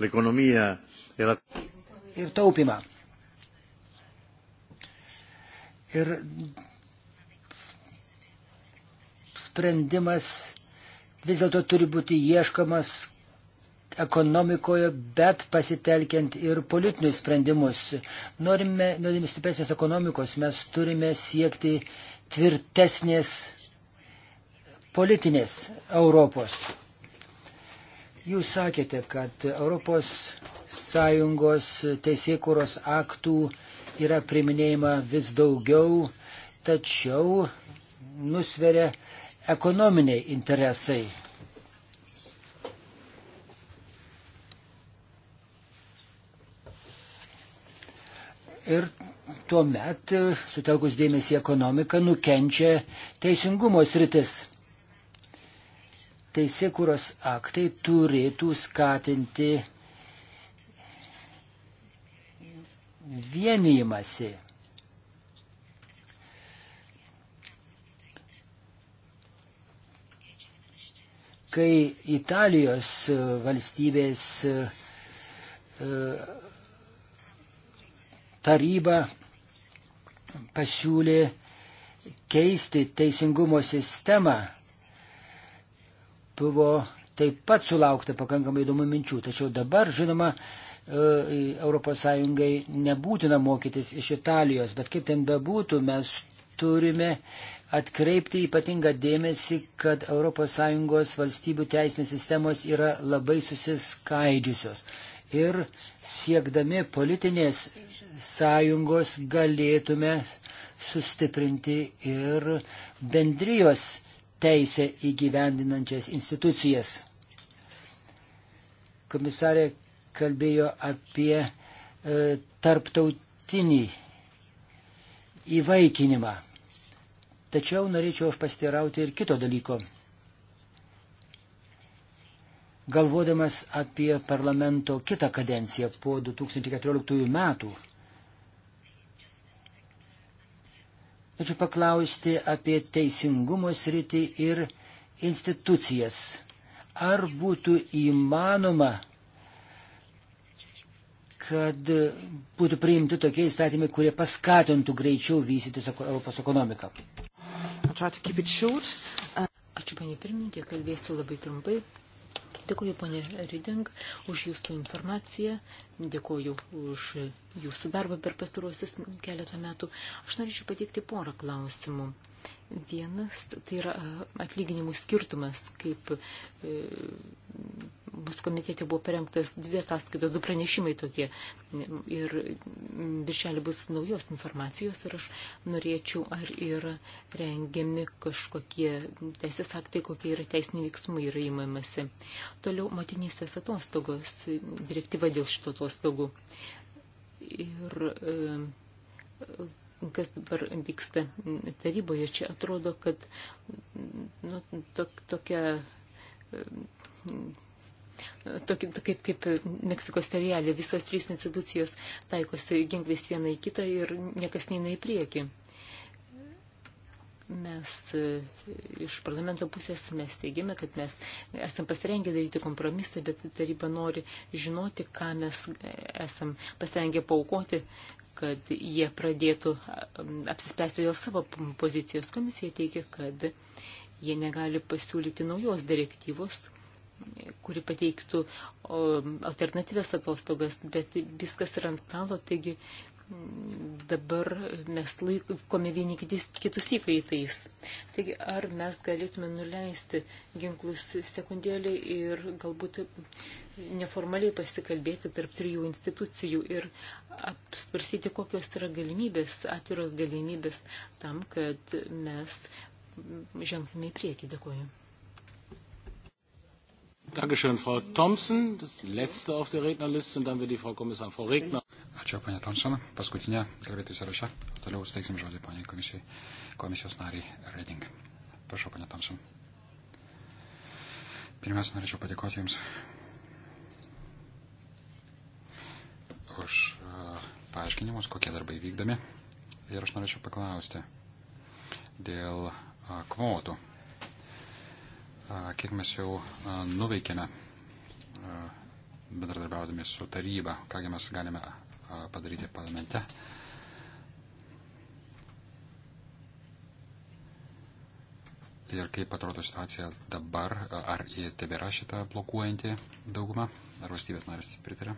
l'economia e la... Ir taupimą. Ir sprendimas vis dėlto turi būti ieškamas ekonomikoje, bet pasitelkiant ir politinius sprendimus. Norime, norime stipresnės ekonomikos, mes turime siekti tvirtesnės politinės Europos. Jūs sakėte, kad ES teisėkūros aktų yra priminėjama vis daugiau, tačiau nusveria ekonominiai interesai. Ir tuomet, sutelkus dėmesį ekonomiką, nukenčia teisingumo sritis teisėkuros aktai turėtų skatinti vienijimąsi. Kai Italijos valstybės e, taryba pasiūlė keisti teisingumo sistemą buvo taip pat sulaukta pakankamai įdomių minčių. Tačiau dabar, žinoma, ES nebūtina mokytis iš Italijos, bet kaip ten bebūtų, mes turime atkreipti ypatingą dėmesį, kad ES valstybių teisinės sistemos yra labai susiskaidžiusios. Ir siekdami politinės sąjungos galėtume sustiprinti ir bendrijos teisę įgyvendinančias institucijas. Komisarė kalbėjo apie e, tarptautinį įvaikinimą. Tačiau norėčiau aš pastirauti ir kito dalyko. Galvodamas apie parlamento kitą kadenciją po 2014 metų, Tačiau paklausti apie teisingumo sritį ir institucijas. Ar būtų įmanoma, kad būtų priimti tokie įstatymai, kurie paskatintų greičiau vystytis Europos ekonomiką? Ačiū, panė pirmininkė, kalbėsiu labai trumpai. Dėkuoju, ponė Riding, už jūsų informaciją, dėkuoju už jūsų darbą per pastaruosius keletą metų. Aš norėčiau pateikti porą klausimų. Vienas, tai yra atlyginimų skirtumas, kaip e, mūsų komitete buvo parengtas dvi ataskaitos, du pranešimai tokie. Ir viršelį bus naujos informacijos ir aš norėčiau, ar yra rengiami kažkokie teisės aktai, kokie yra teisiniai veiksmai yra įmamasi. Toliau motinystės atostogos, direktyva dėl šito atostogų. Ir e, kas dabar vyksta taryboje, čia atrodo, kad nu, to, tokia tokį, kaip, kaip Meksikos terialė, visos trys institucijos taikosi ginklais viena į kitą ir niekas neina į priekį. Mes e, iš parlamento pusės mes teigiame, kad mes esam pasirengę daryti kompromisą, bet taryba nori žinoti, ką mes esam pasirengę paukoti, kad jie pradėtų apsispręsti dėl savo pozicijos. Komisija teigia, kad jie negali pasiūlyti naujos direktyvos, kuri pateiktų alternatyvės atostogas, bet viskas yra ant stalo, taigi dabar mes laikome vieni kitis, kitus įkaitais. Taigi, ar mes galėtume nuleisti ginklus sekundėlį ir galbūt neformaliai pasikalbėti tarp trijų institucijų ir apsvarsyti, kokios yra galimybės, atviros galimybės tam, kad mes žengtume į priekį. Dėkuoju. Dankeschön, Frau Thompson. Das ist die letzte auf der Rednerliste und dann wird die Frau Kommissar, Frau Regner. Ačiū, panė Thompson. Paskutinė kalbėtojų sąraše. Toliau steigsim žodį panė komisijai, komisijos nariai Reding. Prašau, panė Thompson. Pirmiausia, norėčiau padėkoti Jums už e, paaiškinimus, kokie darbai vykdami. Ir aš norėčiau paklausti dėl e, kvotų kiek mes jau nuveikėme bendradarbiaudami su taryba, kągi mes galime padaryti parlamente. Ir kaip atrodo situacija dabar, ar jie tebėra šitą blokuojantį daugumą, ar valstybės narės pritarė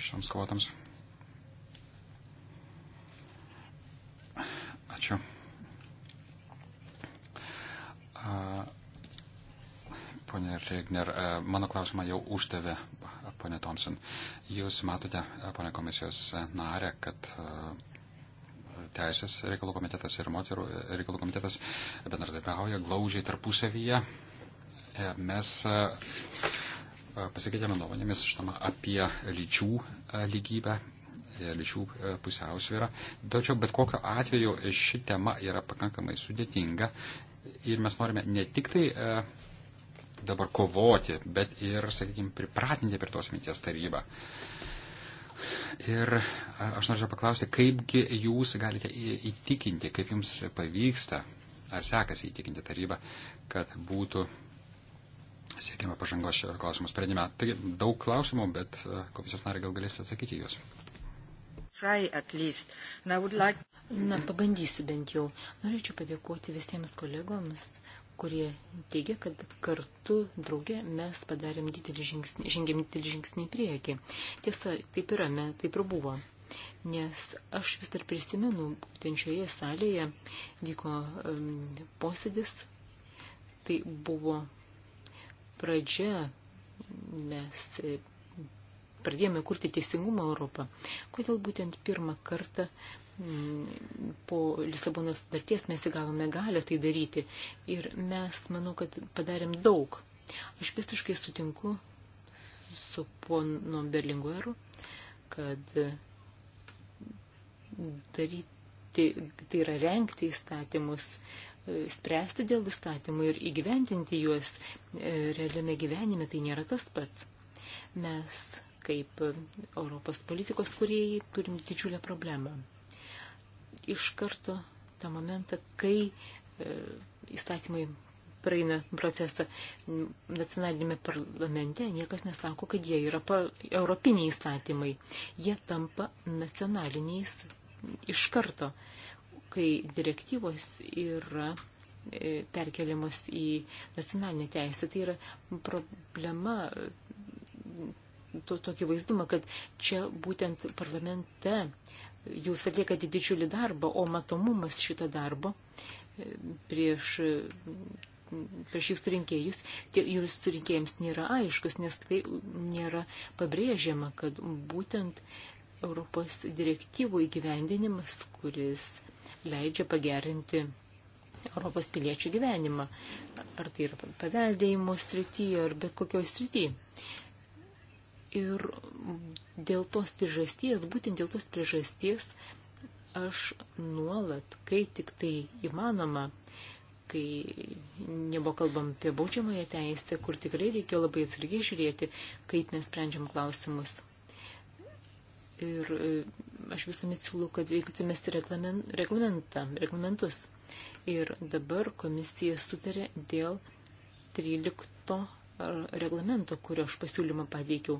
šioms kvotams. Ačiū. A, Pone Regner, e, mano klausimą jau užtevė ponė Thompson. Jūs matote, e, ponė komisijos narė, kad e, Teisės reikalų komitetas ir moterų reikalų komitetas bendradarbiauja glaužiai tarpusavyje. Mes pasikeitėme nuomonėmis, žinoma, apie lyčių lygybę lyčių pusiausvyrą. Tačiau bet kokiu atveju ši tema yra pakankamai sudėtinga ir mes norime ne tik tai dabar kovoti, bet ir, sakykime, pripratinti prie tos minties tarybą. Ir aš norėčiau paklausti, kaipgi jūs galite įtikinti, kaip jums pavyksta, ar sekasi įtikinti tarybą, kad būtų siekiama pažangos šio klausimo sprendime. Taigi daug klausimų, bet komisijos nariai gal galės atsakyti juos. Like... Na, pabandysiu bent jau. Norėčiau padėkoti visiems kolegoms kurie teigia, kad kartu drauge mes padarėm didelį žingsnį, žengėm didelį žingsnį į priekį. Tiesa, taip yra, me, taip ir buvo. Nes aš vis dar prisimenu, būtent šioje salėje vyko um, posėdis, tai buvo pradžia, mes e, pradėjome kurti teisingumą Europą. Kodėl būtent pirmą kartą po Lisabonos sutarties mes įgavome galę tai daryti ir mes, manau, kad padarėm daug. Aš visiškai sutinku su ponu Berlingueru, kad daryti, tai yra renkti įstatymus, spręsti dėl įstatymų ir įgyventinti juos e, realiame gyvenime, tai nėra tas pats. Mes, kaip Europos politikos kuriejai, turim didžiulę problemą iš karto tą momentą, kai e, įstatymai praeina procesą nacionalinėme parlamente, niekas nesako, kad jie yra pa, europiniai įstatymai. Jie tampa nacionaliniais iš karto, kai direktyvos yra e, perkeliamos į nacionalinę teisę. Tai yra problema to, tokį vaizdumą, kad čia būtent parlamente jūs atliekate didžiulį darbą, o matomumas šito darbo e, prieš, prieš jūsų rinkėjus, jūsų rinkėjams nėra aiškus, nes tai nėra pabrėžiama, kad būtent Europos direktyvų įgyvendinimas, kuris leidžia pagerinti Europos piliečių gyvenimą, ar tai yra paveldėjimo srity, ar bet kokioj srity. Ir dėl tos priežasties, būtent dėl tos priežasties, aš nuolat, kai tik tai įmanoma, kai nebuvo kalbam apie baudžiamąją teisę, kur tikrai reikia labai atsargiai žiūrėti, kaip mes sprendžiam klausimus. Ir e, aš visuomet siūlau, kad veiktumės reglamentą, reglamentus. Ir dabar komisija sutarė dėl 13 reglamento, kurio aš pasiūlymą paveikiau.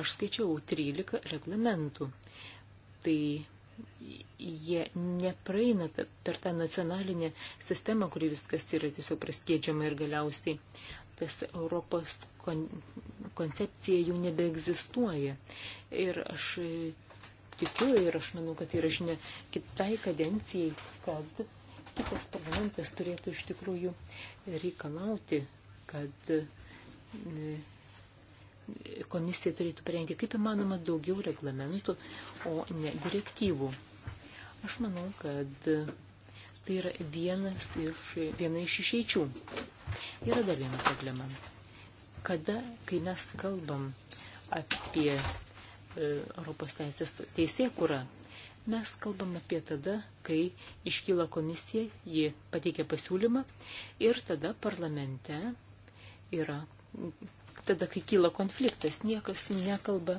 Aš skaičiau 13 reglamentų. Tai jie nepraeina per tą nacionalinę sistemą, kuri viskas yra tiesiog praskėdžiama ir galiausiai tas Europos kon koncepcija jau nebeegzistuoja. Ir aš tikiu ir aš manau, kad tai yra žinia kitai kadencijai, kad kitas parlamentas turėtų iš tikrųjų reikalauti, kad komisija turėtų parengti kaip įmanoma daugiau reglamentų, o ne direktyvų. Aš manau, kad tai yra vienas iš, viena iš išeičių. Yra dar viena problema. Kada, kai mes kalbam apie e, Europos teisės teisėkurą, mes kalbam apie tada, kai iškyla komisija, ji pateikia pasiūlymą ir tada parlamente yra tada, kai kyla konfliktas, niekas nekalba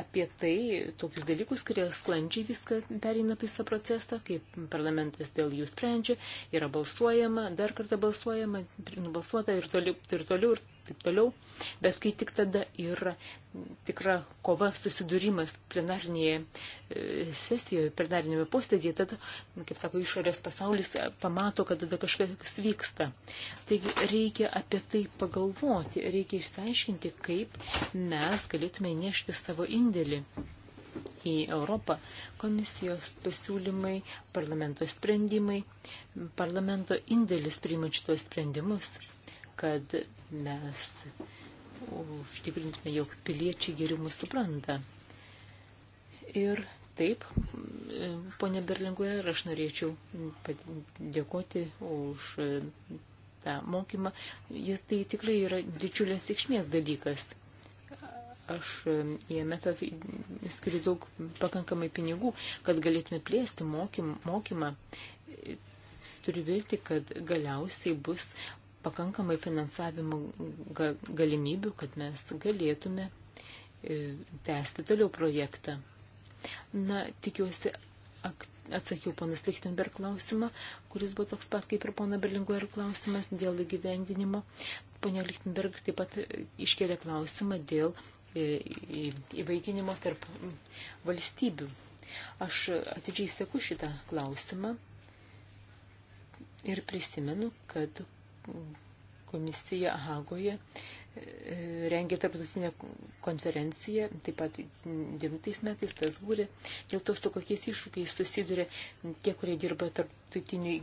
apie tai, tokius dalykus, kurie sklandžiai viską pereina visą procesą, kaip parlamentas dėl jų sprendžia, yra balsuojama, dar kartą balsuojama, nubalsuota ir toliau, ir toliau, ir taip toliau. Bet kai tik tada yra tikra kova, susidūrimas plenarnėje e, sesijoje, plenarnėme postėdėje, tada, kaip sako, išorės pasaulis e, pamato, kad tada kažkas vyksta. Taigi reikia apie tai pagalvoti, reikia išsiaiškinti, kaip mes galėtume nešti savo indėlį. Į Europą komisijos pasiūlymai, parlamento sprendimai, parlamento indėlis priimant šitos sprendimus, kad mes užtikrintume, jog piliečiai geriau mus supranta. Ir taip, ponė Berlingoje, ir aš norėčiau padėkoti už tą mokymą. Jis tai tikrai yra didžiulės reikšmės dalykas. Aš į MFF skiriu daug pakankamai pinigų, kad galėtume plėsti mokym, mokymą turiu vilti, kad galiausiai bus pakankamai finansavimo galimybių, kad mes galėtume e, tęsti toliau projektą. Na, tikiuosi, atsakiau ponas Lichtenberg klausimą, kuris buvo toks pat kaip ir pono Berlinguer klausimas dėl įgyvendinimo. Pone Lichtenberg taip pat e, iškėlė klausimą dėl e, įvaikinimo tarp valstybių. Aš atidžiai seku šitą klausimą ir prisimenu, kad komisija Hagoje e, rengė tarptautinę konferenciją, taip pat 9 metais Strasbūrė, dėl to, su kokiais iššūkiais susiduria tie, kurie dirba tarptautinių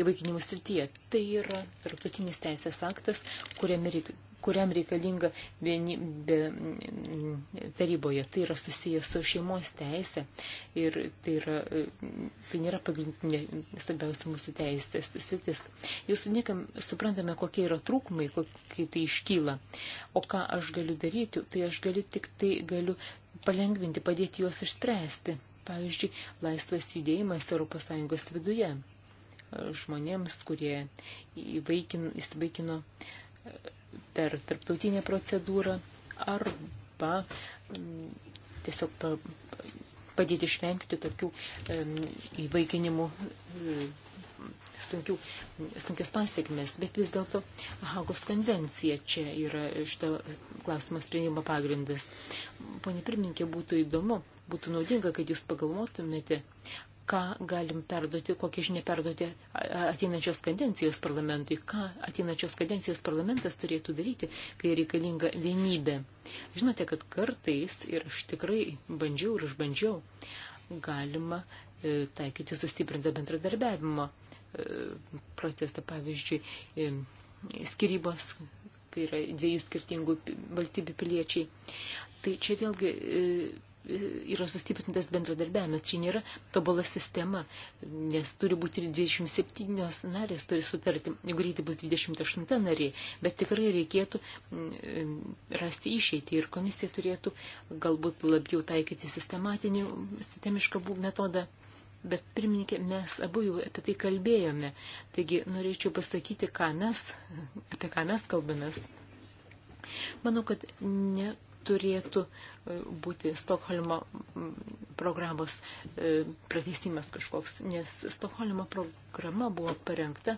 įvaikinimų srityje. Tai yra tarptautinis teisės aktas, kuriame reikia kuriam reikalinga vienybė taryboje. Tai yra susijęs su šeimos teisė ir tai, yra, tai nėra pagrindinė svarbiausia mūsų teisės sitis. Jūs niekam suprantame, kokie yra trūkumai, kokie tai iškyla. O ką aš galiu daryti, tai aš galiu tik tai galiu palengvinti, padėti juos išspręsti. Pavyzdžiui, laisvas judėjimas ES viduje žmonėms, kurie įvaikino, įsivaikino per tarptautinę procedūrą arba mm, tiesiog padėti išvengti tokių įvaikinimų mm, sunkių, sunkias pasiekmes, bet vis dėlto Hagos konvencija čia yra šito klausimo sprendimo pagrindas. Pone pirmininkė, būtų įdomu, būtų naudinga, kad jūs pagalvotumėte, ką galim perduoti, kokį žinį perduoti ateinančios kadencijos parlamentui, ką ateinančios kadencijos parlamentas turėtų daryti, kai reikalinga vienybė. Žinote, kad kartais, ir aš tikrai bandžiau ir išbandžiau, galima e, taikyti sustiprintą bendradarbiavimo e, procesą, pavyzdžiui, e, skirybos, kai yra dviejų skirtingų valstybių piliečiai. Tai čia vėlgi e, yra sustiprintas bendradarbiavimas. Čia nėra tobola sistema, nes turi būti ir 27 narės, turi sutarti, greitai bus 28 narė, bet tikrai reikėtų mm, mm, rasti išeitį ir komisija turėtų galbūt labiau taikyti sistematinį, sistemišką metodą. Bet pirmininkė, mes abu jau apie tai kalbėjome. Taigi norėčiau pasakyti, ką mes, apie ką mes kalbame. Manau, kad ne turėtų e, būti Stokholmo programos e, prateisimas kažkoks, nes Stokholmo programa buvo parengta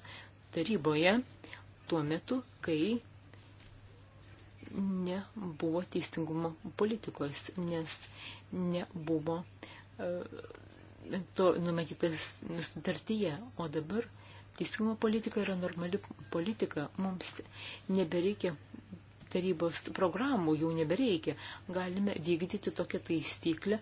taryboje tuo metu, kai nebuvo teisingumo politikos, nes nebuvo e, to numatytas sutartyje, o dabar teisingumo politika yra normali politika, mums nebereikia tarybos programų jau nebereikia. Galime vykdyti tokią taisyklę,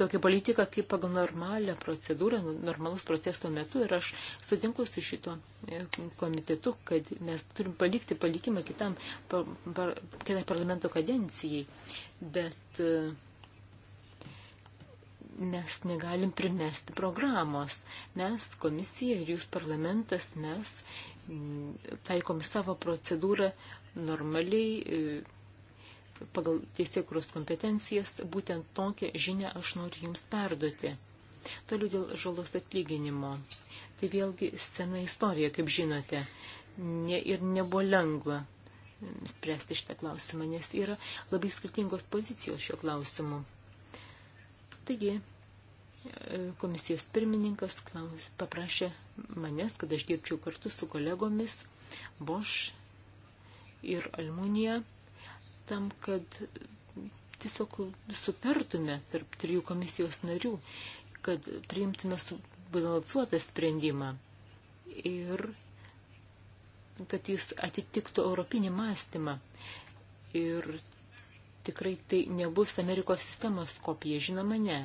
tokią politiką kaip pagal normalią procedūrą, nu, normalus proceso metu ir aš sutinku su šito e, komitetu, kad mes turim palikti palikimą kitam, par, par, kitai parlamento kadencijai. Bet uh, mes negalim primesti programos. Mes, komisija ir jūs parlamentas, mes mm, taikom savo procedūrą normaliai e, pagal teisėkuros kompetencijas. Būtent tokią žinią aš noriu jums perduoti. Toliau dėl žalos atlyginimo. Tai vėlgi sena istorija, kaip žinote. Ne, ir nebuvo lengva mm, spręsti šitą klausimą, nes yra labai skirtingos pozicijos šiuo klausimu. Taigi, e, komisijos pirmininkas klaus, paprašė manęs, kad aš dirbčiau kartu su kolegomis Bosch ir Almunija, tam, kad tiesiog sutartume tarp trijų komisijos narių, kad priimtume subalansuotą sprendimą ir kad jis atitiktų europinį mąstymą. Ir tikrai tai nebus Amerikos sistemos kopija, žinoma, ne.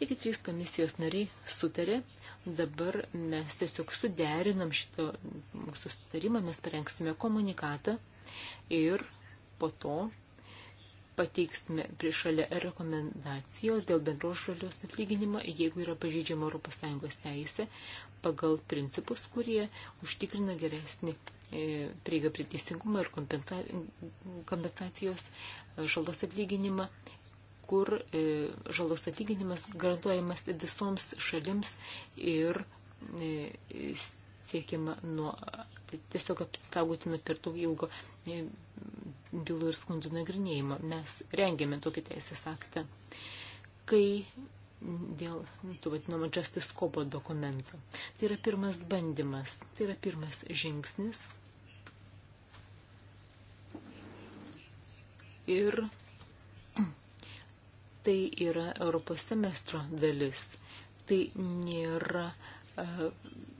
Taigi trys komisijos nariai sutarė, dabar mes tiesiog suderinam šito mūsų sutarimą, mes parengsime komunikatą ir po to pateiksime prie šalia rekomendacijos dėl bendros žalios atlyginimo, jeigu yra pažydžiama ES teisė pagal principus, kurie užtikrina geresnį e, prieigą prie teisingumo ir kompensacijos e, žalos atlyginimą, kur e, žalos atlyginimas garantuojamas visoms šalims ir siekiama nuo, tiesiog apsaugoti nuo per daug ilgo bylų ir skundų nagrinėjimą. Mes rengėme tokį teisės aktą, kai dėl to vadinamo Justice Kobo dokumento. Tai yra pirmas bandymas, tai yra pirmas žingsnis. Ir tai yra Europos semestro dalis. Tai nėra uh,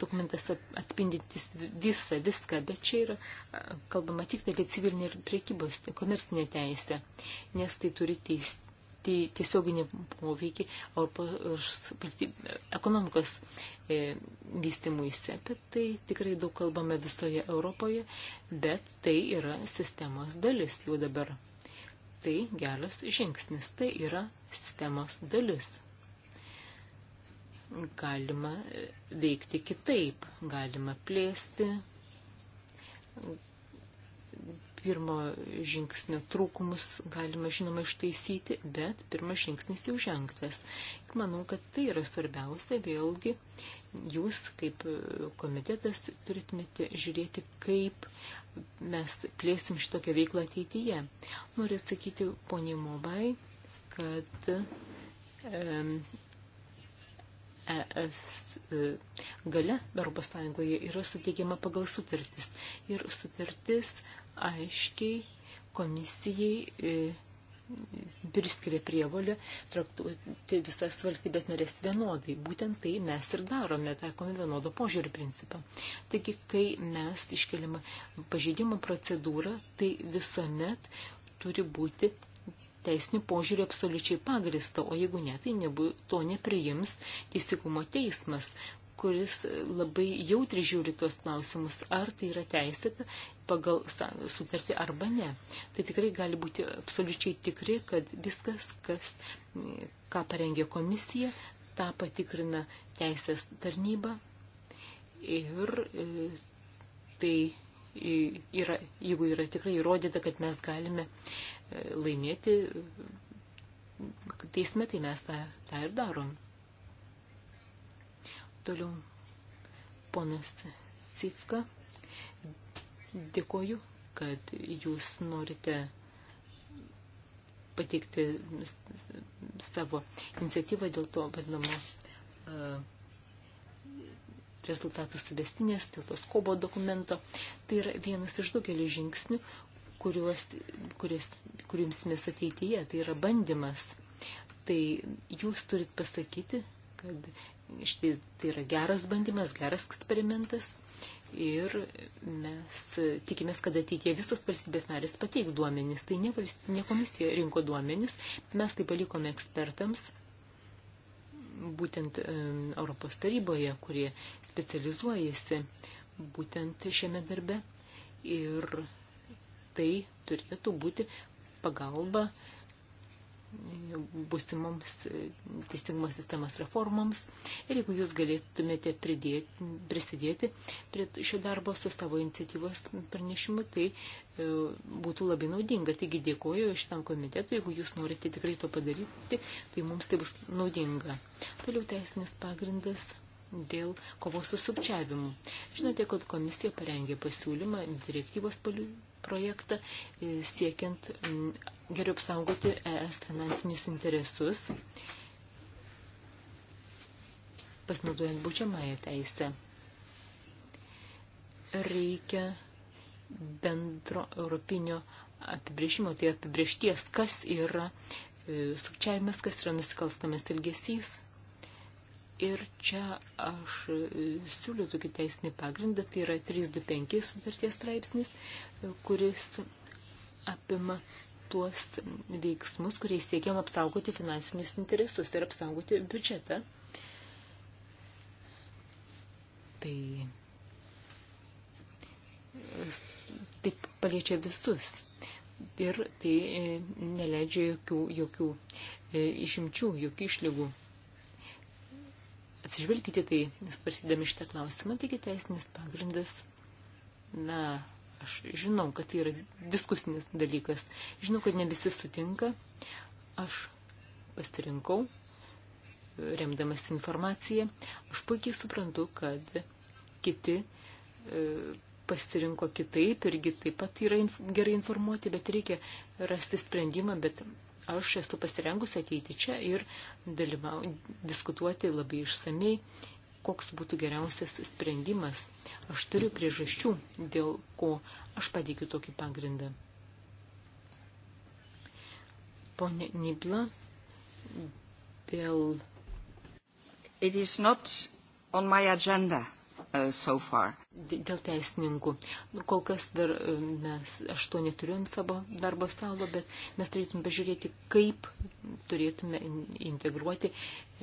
dokumentas atspindintis visą, viską, bet čia yra kalbama tik apie civilinę ir priekybos komercinę teisę, nes tai turi teis, tai tiesioginį poveikį Europos ekonomikos e, vystimuisi. Apie tai tikrai daug kalbame visoje Europoje, bet tai yra sistemos dalis jau dabar. Tai geras žingsnis, tai yra sistemos dalis galima veikti kitaip, galima plėsti pirmo žingsnio trūkumus galima, žinoma, ištaisyti, bet pirmas žingsnis jau žengtas. Ir manau, kad tai yra svarbiausia, vėlgi, jūs kaip komitetas turėtumėte žiūrėti, kaip mes plėsim šitokią veiklą ateityje. Noriu atsakyti poniai Mobai, kad e, ES e, gale Europos Sąjungoje yra suteikiama pagal sutartis. Ir sutartis aiškiai komisijai e, priskiria prievolę traktuoti visas valstybės narės vienodai. Būtent tai mes ir darome, taikome vienodo požiūrį principą. Taigi, kai mes iškeliame pažeidimo procedūrą, tai visuomet turi būti teisinių požiūrį absoliučiai pagrista, o jeigu ne, tai nebu, to nepriims teisingumo teismas, kuris labai jautri žiūri tuos klausimus, ar tai yra teisėta pagal sutartį arba ne. Tai tikrai gali būti absoliučiai tikri, kad viskas, kas, ką parengė komisija, tą patikrina teisės tarnyba ir e, tai e, yra, jeigu yra tikrai įrodyta, kad mes galime laimėti teisme, tai mes tą, tą ir darom. Toliau ponas Sifka, dėkoju, kad jūs norite pateikti savo iniciatyvą dėl to vadinamo rezultatų suvestinės, dėl tos kobo dokumento. Tai yra vienas iš daugelį žingsnių, kuriuos, kuriuos, kuriuos mes ateityje, tai yra bandymas. Tai jūs turit pasakyti, kad štai tai yra geras bandymas, geras eksperimentas ir mes tikimės, kad ateitie visos valstybės narės pateiks duomenys. Tai ne, ne komisija rinko duomenys, mes tai palikome ekspertams būtent Europos taryboje, kurie specializuojasi būtent šiame darbe. Ir tai turėtų būti pagalba e, būsimoms e, teisingumo sistemos reformoms. Ir jeigu jūs galėtumėte pridėti, prisidėti prie šio darbo su savo iniciatyvos pranešimu, tai e, būtų labai naudinga. Taigi dėkoju šitam komitetui, jeigu jūs norite tikrai to padaryti, tai mums tai bus naudinga. Toliau teisinis pagrindas dėl kovos su sukčiavimu. Žinote, kad komisija parengė pasiūlymą direktyvos projektą, e, siekiant geriau apsaugoti ES finansinius interesus, pasinaudojant būčiamąją teisę. Reikia bendro europinio apibrėžimo, tai apibrėžties, kas yra e, sukčiavimas, kas yra nusikalstamas elgesys. Ir čia aš e, siūliu tokį teisinį pagrindą, tai yra 325 sutarties straipsnis, kuris apima tuos veiksmus, kuriais siekiam apsaugoti finansinius interesus ir apsaugoti biudžetą. Tai taip paliečia visus. Ir tai e, neleidžia jokių, jokių e, išimčių, jokių išlygų. Atsižvelkite tai, svarstydami šitą klausimą, taigi teisinis pagrindas, na, Aš žinau, kad tai yra diskusinis dalykas. Žinau, kad ne visi sutinka. Aš pasirinkau, remdamas informaciją. Aš puikiai suprantu, kad kiti e, pasirinko kitaip irgi taip pat yra inf gerai informuoti, bet reikia rasti sprendimą, bet aš esu pasirengusi ateiti čia ir dalyvau, diskutuoti labai išsamei koks būtų geriausias sprendimas. Aš turiu priežasčių, dėl ko aš pateikiu tokį pagrindą. Pone Nibla, dėl. It is not on my agenda uh, so far. Dėl teisininkų. Nu, kol kas dar e, mes, aš to neturiu ant savo darbo stalo, bet mes turėtume pažiūrėti, kaip turėtume integruoti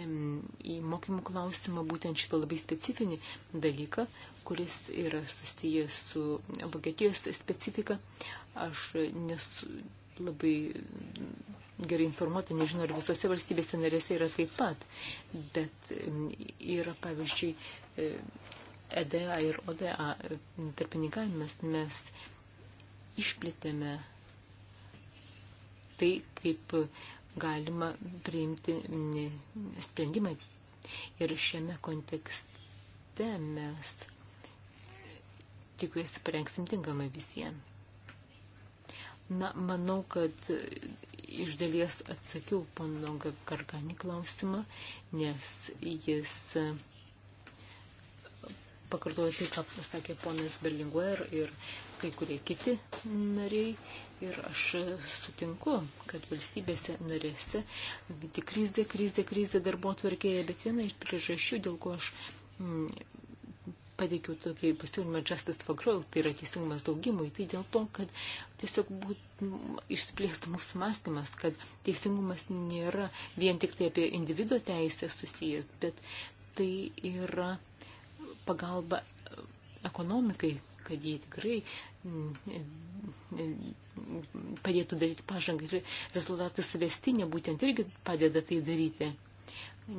į mokymų klausimą būtent šitą labai specifinį dalyką, kuris yra susijęs su Vokietijos specifika. Aš nesu labai gerai informuota, nežinau, ar visose valstybėse narėse yra taip pat, bet yra, pavyzdžiui, EDA e ir ODA e, tarpininkavimas, mes išplėtėme tai, kaip galima priimti sprendimą. Ir šiame kontekste mes tikiuosi parengsim tinkamą visiems. Na, manau, kad iš dalies atsakiau pono Garganį klausimą, nes jis pakartojo tai, ką pasakė ponas Berlinguer ir kai kurie kiti nariai Ir aš sutinku, kad valstybėse narėse krizė, krizė, krizė darbo tvarkėje, bet viena iš priežasčių, dėl ko aš mm, pateikiau tokį pasiūlymą Justice for Growth, tai yra teisingumas daugimui, tai dėl to, kad tiesiog būtų mm, išsiplėstų mūsų mąstymas, kad teisingumas nėra vien tik tai apie individuo teisę susijęs, bet tai yra pagalba e, ekonomikai, kad jie tikrai padėtų daryti pažangą ir rezultatų suvestinė būtent irgi padeda tai daryti.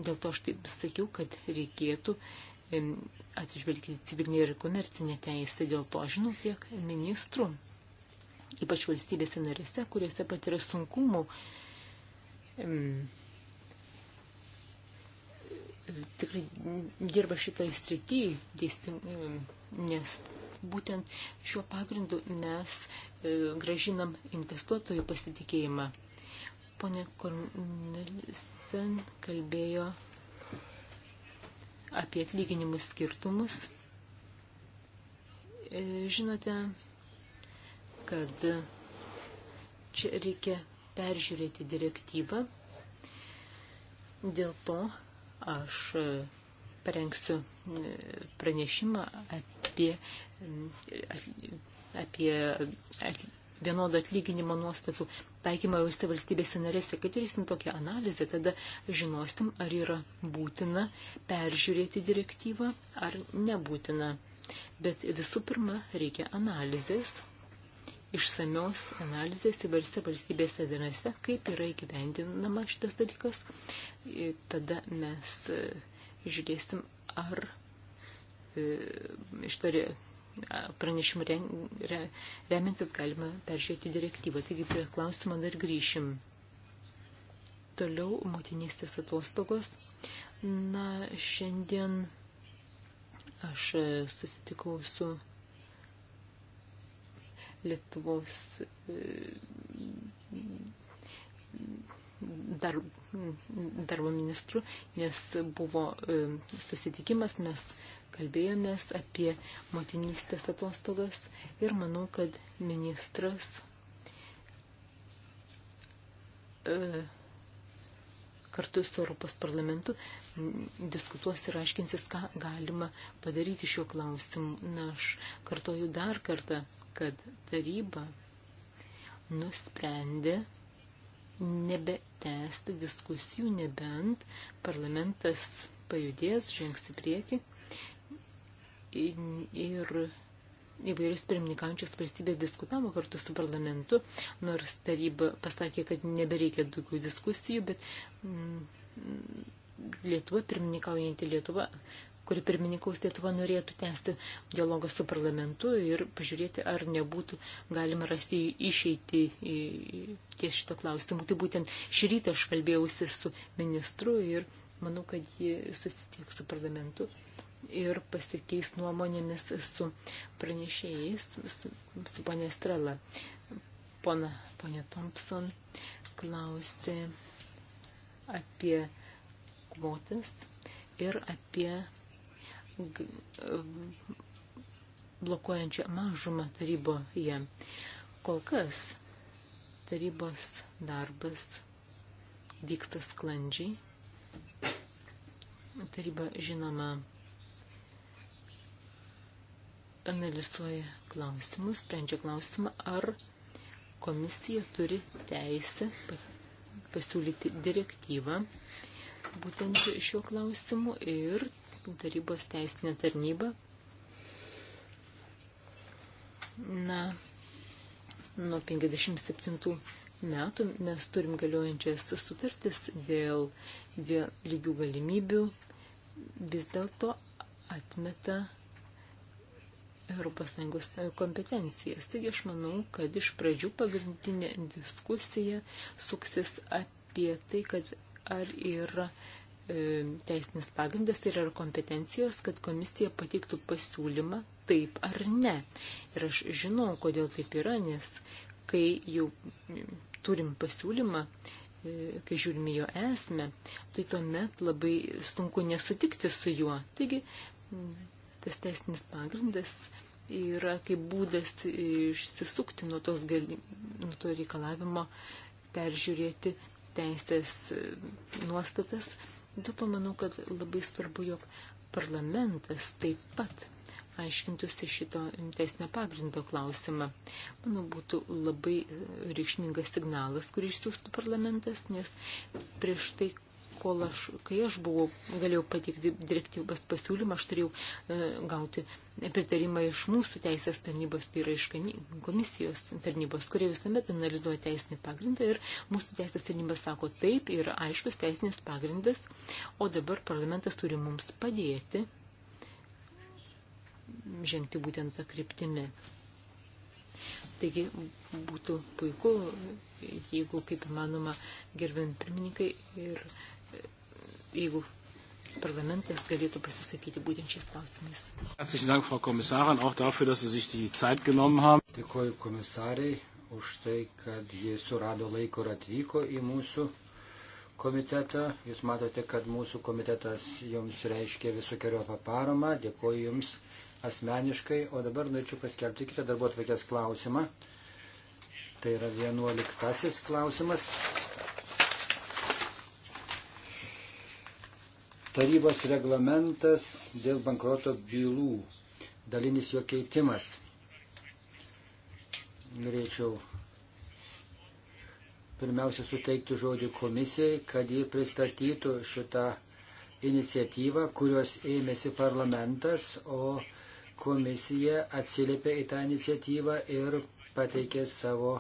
Dėl to aš taip sakiau, kad reikėtų atsižvelgti civilinė ir komercinė teisė. Dėl to žinau tiek ministrų, ypač valstybėse narėse, kuriuose pat yra sunkumų tikrai dirba šitoje srityje, nes būtent šiuo pagrindu mes e, gražinam investuotojų pasitikėjimą. Pone Kornelisen kalbėjo apie atlyginimų skirtumus. E, žinote, kad čia reikia peržiūrėti direktyvą. Dėl to aš parengsiu e, pranešimą apie apie, apie vienodo atlyginimo nuostatų taikymą jausti valstybėse narėse, kai turėsim tokią analizę, tada žinosim, ar yra būtina peržiūrėti direktyvą ar nebūtina. Bet visų pirma, reikia analizės, išsamios analizės įvarsti valstybėse dienose, kaip yra įgyvendinama šitas dalykas. Tada mes e, žiūrėsim, ar E, iš to e, pranešimų remintis galima peržiūrėti direktyvą. Taigi prie klausimo dar grįšim. Toliau motinystės atostogos. Na, šiandien aš susitikau su Lietuvos e, dar, darbo ministru, nes buvo susitikimas, mes kalbėjomės apie motinystės atostogas ir manau, kad ministras e, kartu su Europos parlamentu diskutuos ir aiškinsis, ką galima padaryti šiuo klausimu. Na, aš kartoju dar kartą, kad taryba nusprendė nebetęsti diskusijų, nebent parlamentas pajudės, žengs į priekį ir įvairius pirmininkančios valstybės diskutavo kartu su parlamentu, nors taryba pasakė, kad nebereikia daugiau diskusijų, bet mm, Lietuva, pirmininkaujantį Lietuvą, kuri pirmininkaus Lietuva norėtų tęsti dialogą su parlamentu ir pažiūrėti, ar nebūtų galima rasti išeiti ties šito klausimu. Tai būtent šį rytą aš kalbėjausi su ministru ir manau, kad jie susitiek su parlamentu ir pasikeis nuomonėmis su pranešėjais, su, su ponė Strela. Pona, ponė Thompson klausė apie kvotas ir apie blokuojančią mažumą taryboje. Kol kas tarybos darbas vyksta sklandžiai. Taryba, žinoma, analizuoja klausimus, sprendžia klausimą, ar komisija turi teisę pasiūlyti direktyvą būtent šiuo klausimu ir tarybos teisinė tarnyba. Na, nuo 57 metų mes turim galiojančias sutartis dėl lygių galimybių, vis dėlto atmeta ES kompetencijas. Taigi aš manau, kad iš pradžių pagrindinė diskusija suksis apie tai, kad ar yra e, teisinis pagrindas, tai yra kompetencijos, kad komisija pateiktų pasiūlymą taip ar ne. Ir aš žinau, kodėl taip yra, nes kai jau turim pasiūlymą, e, kai žiūrime jo esmę, tai tuomet labai sunku nesutikti su juo. Taigi tas teisinis pagrindas yra kaip būdas išsisukti nuo, tos gali, nuo to reikalavimo peržiūrėti teisės nuostatas. Dėl to manau, kad labai svarbu, jog parlamentas taip pat aiškintųsi šito teisinio pagrindo klausimą. Manau, būtų labai reikšmingas signalas, kurį išsiųstų parlamentas, nes prieš tai kol aš, kai aš buvau, galėjau patikti direktyvas pasiūlymą, aš turėjau e, gauti pritarimą iš mūsų teisės tarnybos, tai yra iš komisijos tarnybos, kurie visuomet analizuoja teisinį pagrindą ir mūsų teisės tarnyba sako, taip, yra aiškus teisinis pagrindas, o dabar parlamentas turi mums padėti žengti būtent tą kryptimį. Taigi būtų puiku, jeigu kaip įmanoma gerbėjim pirmininkai ir jeigu parlamentas galėtų pasisakyti būtent šiais klausimais. Herzlichen Dank, Frau Kommissarin, auch dafür, dass Sie sich die Zeit genommen haben. Dėkuoju komisarai už tai, kad jie surado laiko ir atvyko į mūsų komitetą. Jūs matote, kad mūsų komitetas jums reiškia visokiojo paramą. Dėkuoju jums asmeniškai. O dabar norėčiau paskelbti kitą darbo atvekės klausimą. Tai yra vienuoliktasis klausimas. tarybos reglamentas dėl bankroto bylų, dalinis jo keitimas. Norėčiau pirmiausia suteikti žodį komisijai, kad ji pristatytų šitą iniciatyvą, kurios ėmėsi parlamentas, o komisija atsiliepė į tą iniciatyvą ir pateikė savo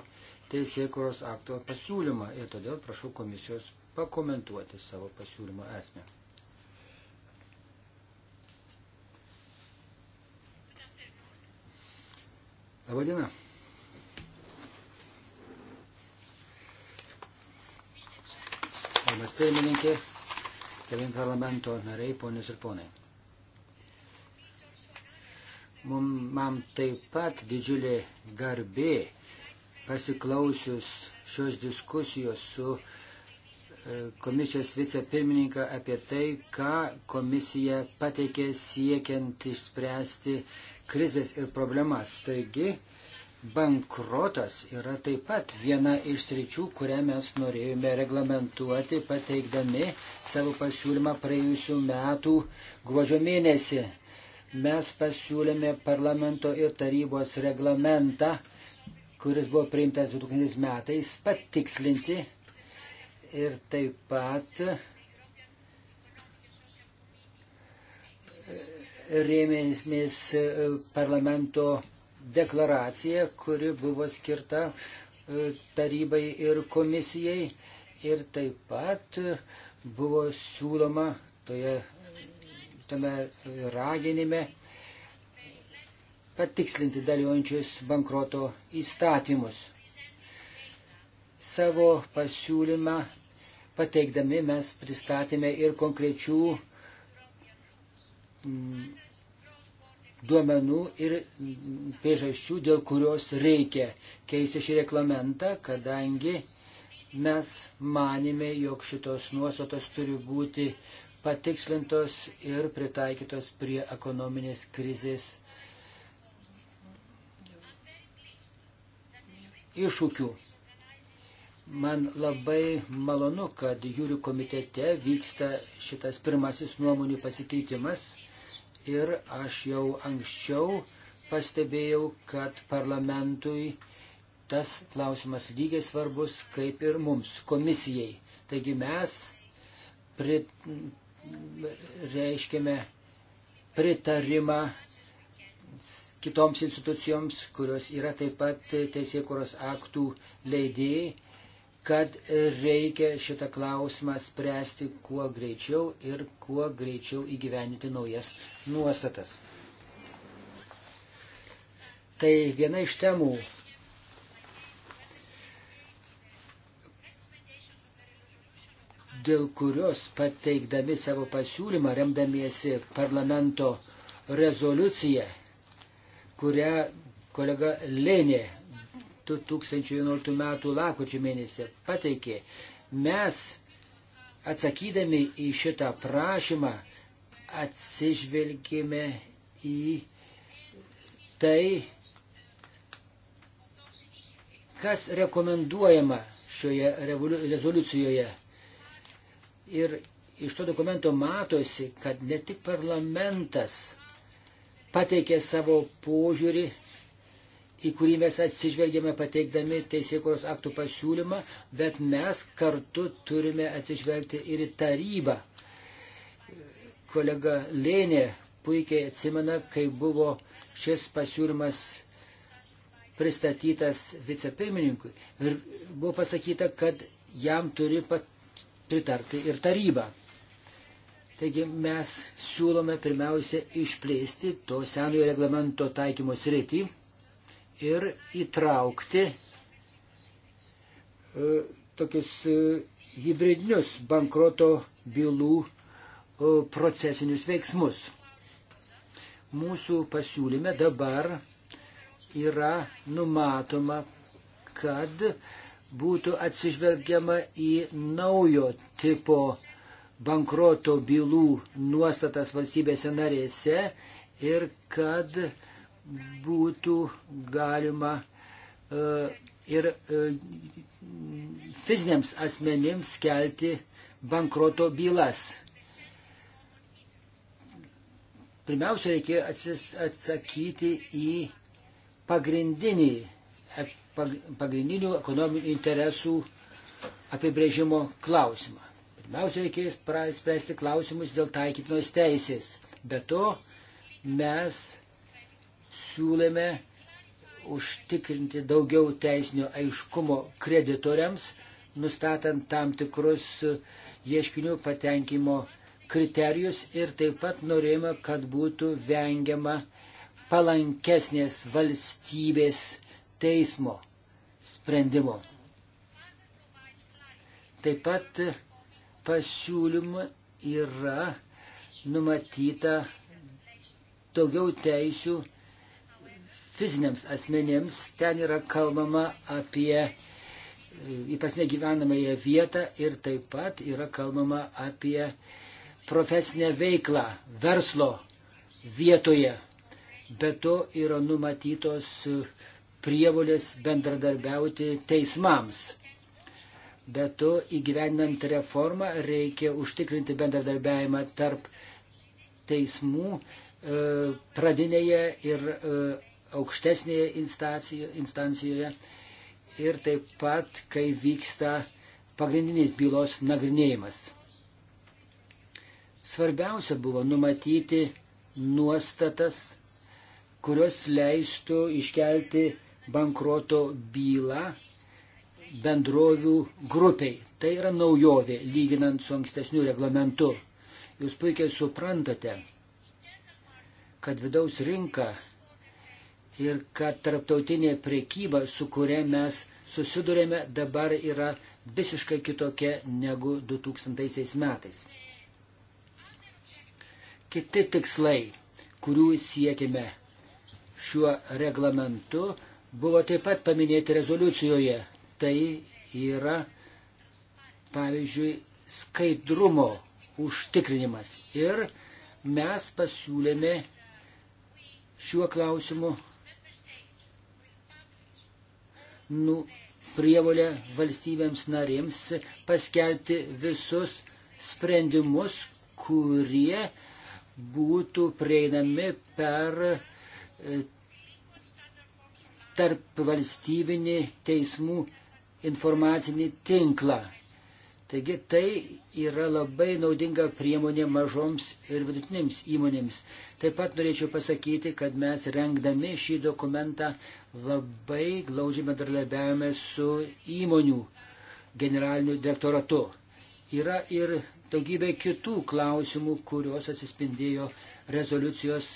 teisėkuros akto pasiūlymą. Ir todėl prašau komisijos pakomentuoti savo pasiūlymo esmę. Labadiena. Ponas pirmininkė, keliam parlamento nariai, ponius ir ponai. Man taip pat didžiulė garbė pasiklausius šios diskusijos su e, komisijos vicepirmininką apie tai, ką komisija pateikė siekiant išspręsti krizės ir problemas. Taigi, bankrotas yra taip pat viena iš sričių, kurią mes norėjome reglamentuoti, pateikdami savo pasiūlymą praėjusių metų gruodžio mėnesį. Mes pasiūlėme parlamento ir tarybos reglamentą, kuris buvo priimtas 2000 metais, patikslinti ir taip pat rėmėmės e, parlamento deklaraciją, kuri buvo skirta e, tarybai ir komisijai. Ir taip pat buvo siūloma toje, tame raginime patikslinti dalyvaujančius bankroto įstatymus. Savo pasiūlymą pateikdami mes pristatėme ir konkrečių Mm, duomenų ir priežasčių, dėl kurios reikia keisti šį reglamentą, kadangi mes manėme, jog šitos nuostatos turi būti patikslintos ir pritaikytos prie ekonominės krizės iššūkių. Man labai malonu, kad jūrių komitete vyksta šitas pirmasis nuomonių pasikeitimas ir aš jau anksčiau pastebėjau, kad parlamentui tas klausimas lygiai svarbus kaip ir mums, komisijai. Taigi mes prit, reiškime pritarimą kitoms institucijoms, kurios yra taip pat teisėkuros aktų leidėjai kad reikia šitą klausimą spręsti kuo greičiau ir kuo greičiau įgyveninti naujas nuostatas. Tai viena iš temų, dėl kurios pateikdami savo pasiūlymą, remdamiesi parlamento rezoliuciją, kurią kolega Lenė 2011 m. lakučio mėnesį pateikė. Mes atsakydami į šitą prašymą atsižvelgėme į tai, kas rekomenduojama šioje rezoliucijoje. Ir iš to dokumento matosi, kad ne tik parlamentas pateikė savo požiūrį, į kurį mes atsižvelgėme pateikdami teisėkuros aktų pasiūlymą, bet mes kartu turime atsižvelgti ir į tarybą. Kolega Lėnė puikiai atsimena, kai buvo šis pasiūlymas pristatytas vicepirmininkui ir buvo pasakyta, kad jam turi pritarti ir taryba. Taigi mes siūlome pirmiausia išplėsti to senojo reglamento taikymo sritį ir įtraukti e, tokius e, hybridinius bankroto bylų e, procesinius veiksmus. Mūsų pasiūlyme dabar yra numatoma, kad būtų atsižvelgiama į naujo tipo bankroto bylų nuostatas valstybėse narėse ir kad uh, būtų galima e, ir e, fiziniams asmenims kelti bankroto bylas. Pirmiausia, reikėjo atsakyti į pagrindinį, pagrindinių ekonominių interesų apibrėžimo klausimą. Pirmiausia, reikėjo spręsti klausimus dėl taikytinos teisės. Be to, mes siūlėme užtikrinti daugiau teisinio aiškumo kreditoriams, nustatant tam tikrus ieškinių patenkimo kriterijus ir taip pat norėjome, kad būtų vengiama palankesnės valstybės teismo sprendimo. Taip pat pasiūlymų yra numatyta daugiau teisių fiziniams asmenėms. Ten yra kalbama apie e, įprasne gyvenamąją vietą ir taip pat yra kalbama apie profesinę veiklą verslo vietoje. Be to yra numatytos prievolės bendradarbiauti teismams. Be to įgyvendinant reformą reikia užtikrinti bendradarbiavimą tarp teismų e, pradinėje ir e, aukštesnėje instancijoje ir taip pat, kai vyksta pagrindinės bylos nagrinėjimas. Svarbiausia buvo numatyti nuostatas, kurios leistų iškelti bankroto bylą bendrovių grupiai. Tai yra naujovė, lyginant su ankstesniu reglamentu. Jūs puikiai suprantate, kad vidaus rinka ir kad tarptautinė priekyba, su kuria mes susidurėme, dabar yra visiškai kitokia negu 2000 metais. Kiti tikslai, kurių siekime šiuo reglamentu, buvo taip pat paminėti rezoliucijoje. Tai yra, pavyzdžiui, skaidrumo užtikrinimas. Ir mes pasiūlėme šiuo klausimu nu, prievolė valstybėms narims paskelbti visus sprendimus, kurie būtų prieinami per e, tarp valstybinį teismų informacinį tinklą. Taigi tai yra labai naudinga priemonė mažoms ir vidutinėms įmonėms. Taip pat norėčiau pasakyti, kad mes rengdami šį dokumentą labai glaudžiai bendradarbiavame su įmonių generaliniu direktoratu. Yra ir daugybė kitų klausimų, kurios atsispindėjo rezoliucijos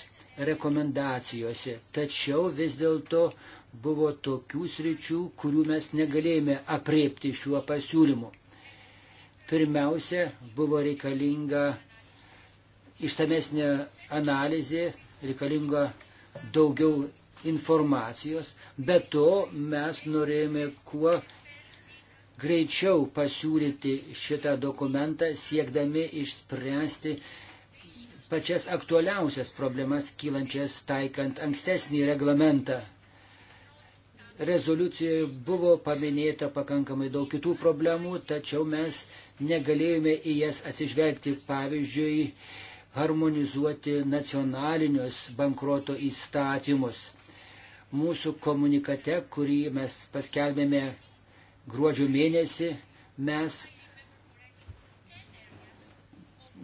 rekomendacijose. Tačiau vis dėlto buvo tokių sričių, kurių mes negalėjome apriepti šiuo pasiūlymu. Pirmiausia, buvo reikalinga išsamesnė analizė, reikalinga daugiau informacijos, bet to mes norėjome kuo greičiau pasiūlyti šitą dokumentą, siekdami išspręsti pačias aktualiausias problemas kylančias taikant ankstesnį reglamentą rezoliucijoje buvo paminėta pakankamai daug kitų problemų, tačiau mes negalėjome į jas atsižvelgti. Pavyzdžiui, harmonizuoti nacionalinius bankroto įstatymus. Mūsų komunikate, kurį mes paskelbėme gruodžio mėnesį, mes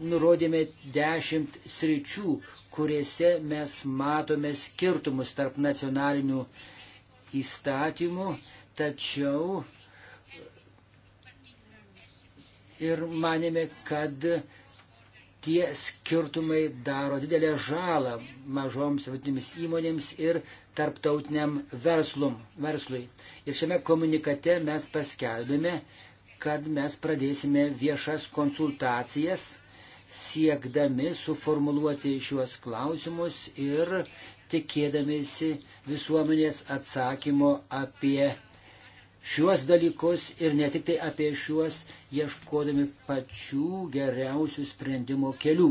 nurodėme dešimt sričių, kuriuose mes matome skirtumus tarp nacionalinių įstatymų įstatymų, tačiau ir manėme, kad tie skirtumai daro didelę žalą mažoms ir vidutinėms įmonėms ir tarptautiniam verslum, verslui. Ir šiame komunikate mes paskelbėme, kad mes pradėsime viešas konsultacijas siekdami suformuluoti šiuos klausimus ir tikėdamėsi visuomenės atsakymo apie šiuos dalykus ir ne tik tai apie šiuos, ieškodami pačių geriausių sprendimo kelių.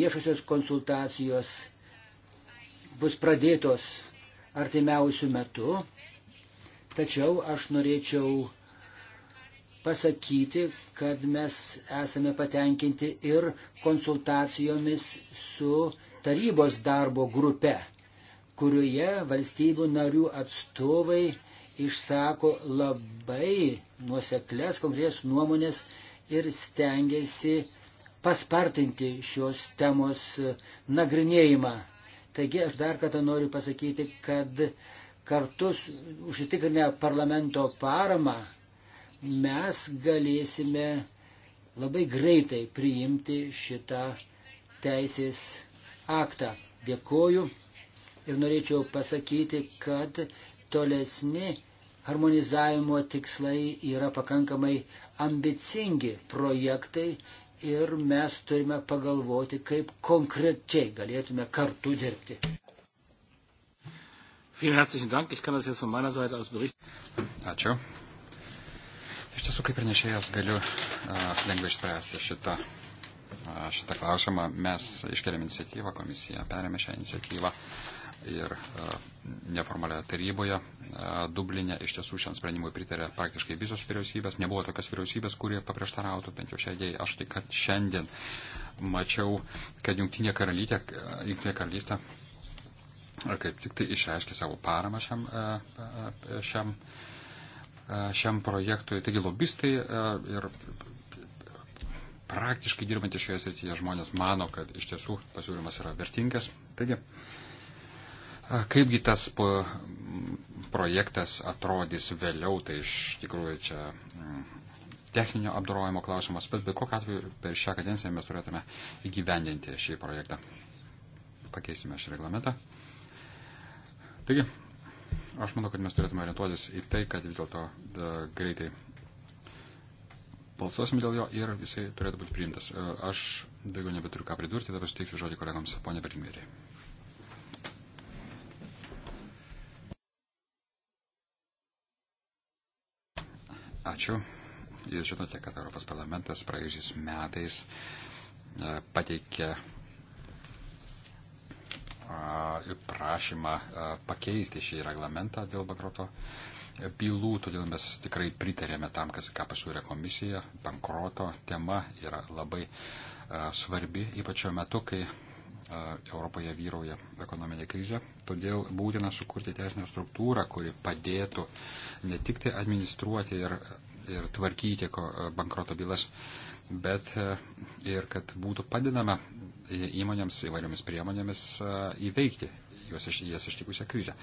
Viešosios konsultacijos bus pradėtos artimiausių metų, tačiau aš norėčiau pasakyti, kad mes esame patenkinti ir konsultacijomis su tarybos darbo grupe, kurioje valstybių narių atstovai išsako labai nuoseklės konkrės nuomonės ir stengiasi paspartinti šios temos e, nagrinėjimą. Taigi aš dar kartą noriu pasakyti, kad kartu užsitikrinę parlamento paramą mes galėsime labai greitai priimti šitą teisės aktą. Dėkoju ir norėčiau pasakyti, kad tolesni harmonizavimo tikslai yra pakankamai ambicingi projektai ir mes turime pagalvoti, kaip konkrečiai galėtume kartu dirbti. Ačiū. Iš tiesų, kaip ir nešėjas, galiu uh, lengvai išspręsti šitą šitą klausimą. Mes iškeliam iniciatyvą, komisija perėmė šią iniciatyvą ir e, neformalioje taryboje e, Dublinė iš tiesų šiam sprendimui pritarė praktiškai visos vyriausybės. Nebuvo tokios vyriausybės, kurie paprieštarautų bent jau šią idėją. Aš tik šiandien mačiau, kad Junktinė karalystė, Junktinė karalystė e, kaip tik tai išreiškė savo paramą šiam, šiam, šiam projektui. Taigi lobistai ir praktiškai dirbantys šioje srityje žmonės mano, kad iš tiesų pasiūlymas yra vertingas. Taigi, kaipgi tas projektas atrodys vėliau, tai iš tikrųjų čia mm, techninio apdorojimo klausimas, bet bet kokiu atveju per šią kadenciją mes turėtume įgyvendinti šį projektą. Pakeisime šį reglamentą. Taigi, aš manau, kad mes turėtume orientuotis į tai, kad vis dėlto greitai balsuosim dėl jo ir jisai turėtų būti priimtas. E, aš daugiau nebeturiu ką pridurti, dabar suteiksiu žodį kolegams, ponė Bergmerė. Ačiū. Jūs žinote, kad Europos parlamentas praėjusiais metais e, pateikė prašymą pakeisti šį reglamentą dėl bankroto bylų, todėl mes tikrai pritarėme tam, kas ką pasiūlė komisija. Bankroto tema yra labai svarbi, ypač šiuo metu, kai Europoje vyrauja ekonominė krizė. Todėl būtina sukurti teisinę struktūrą, kuri padėtų ne tik tai administruoti ir, ir tvarkyti bankroto bylas, bet ir kad būtų padinama įmonėms įvairiomis priemonėmis įveikti jas ištikusią krizę.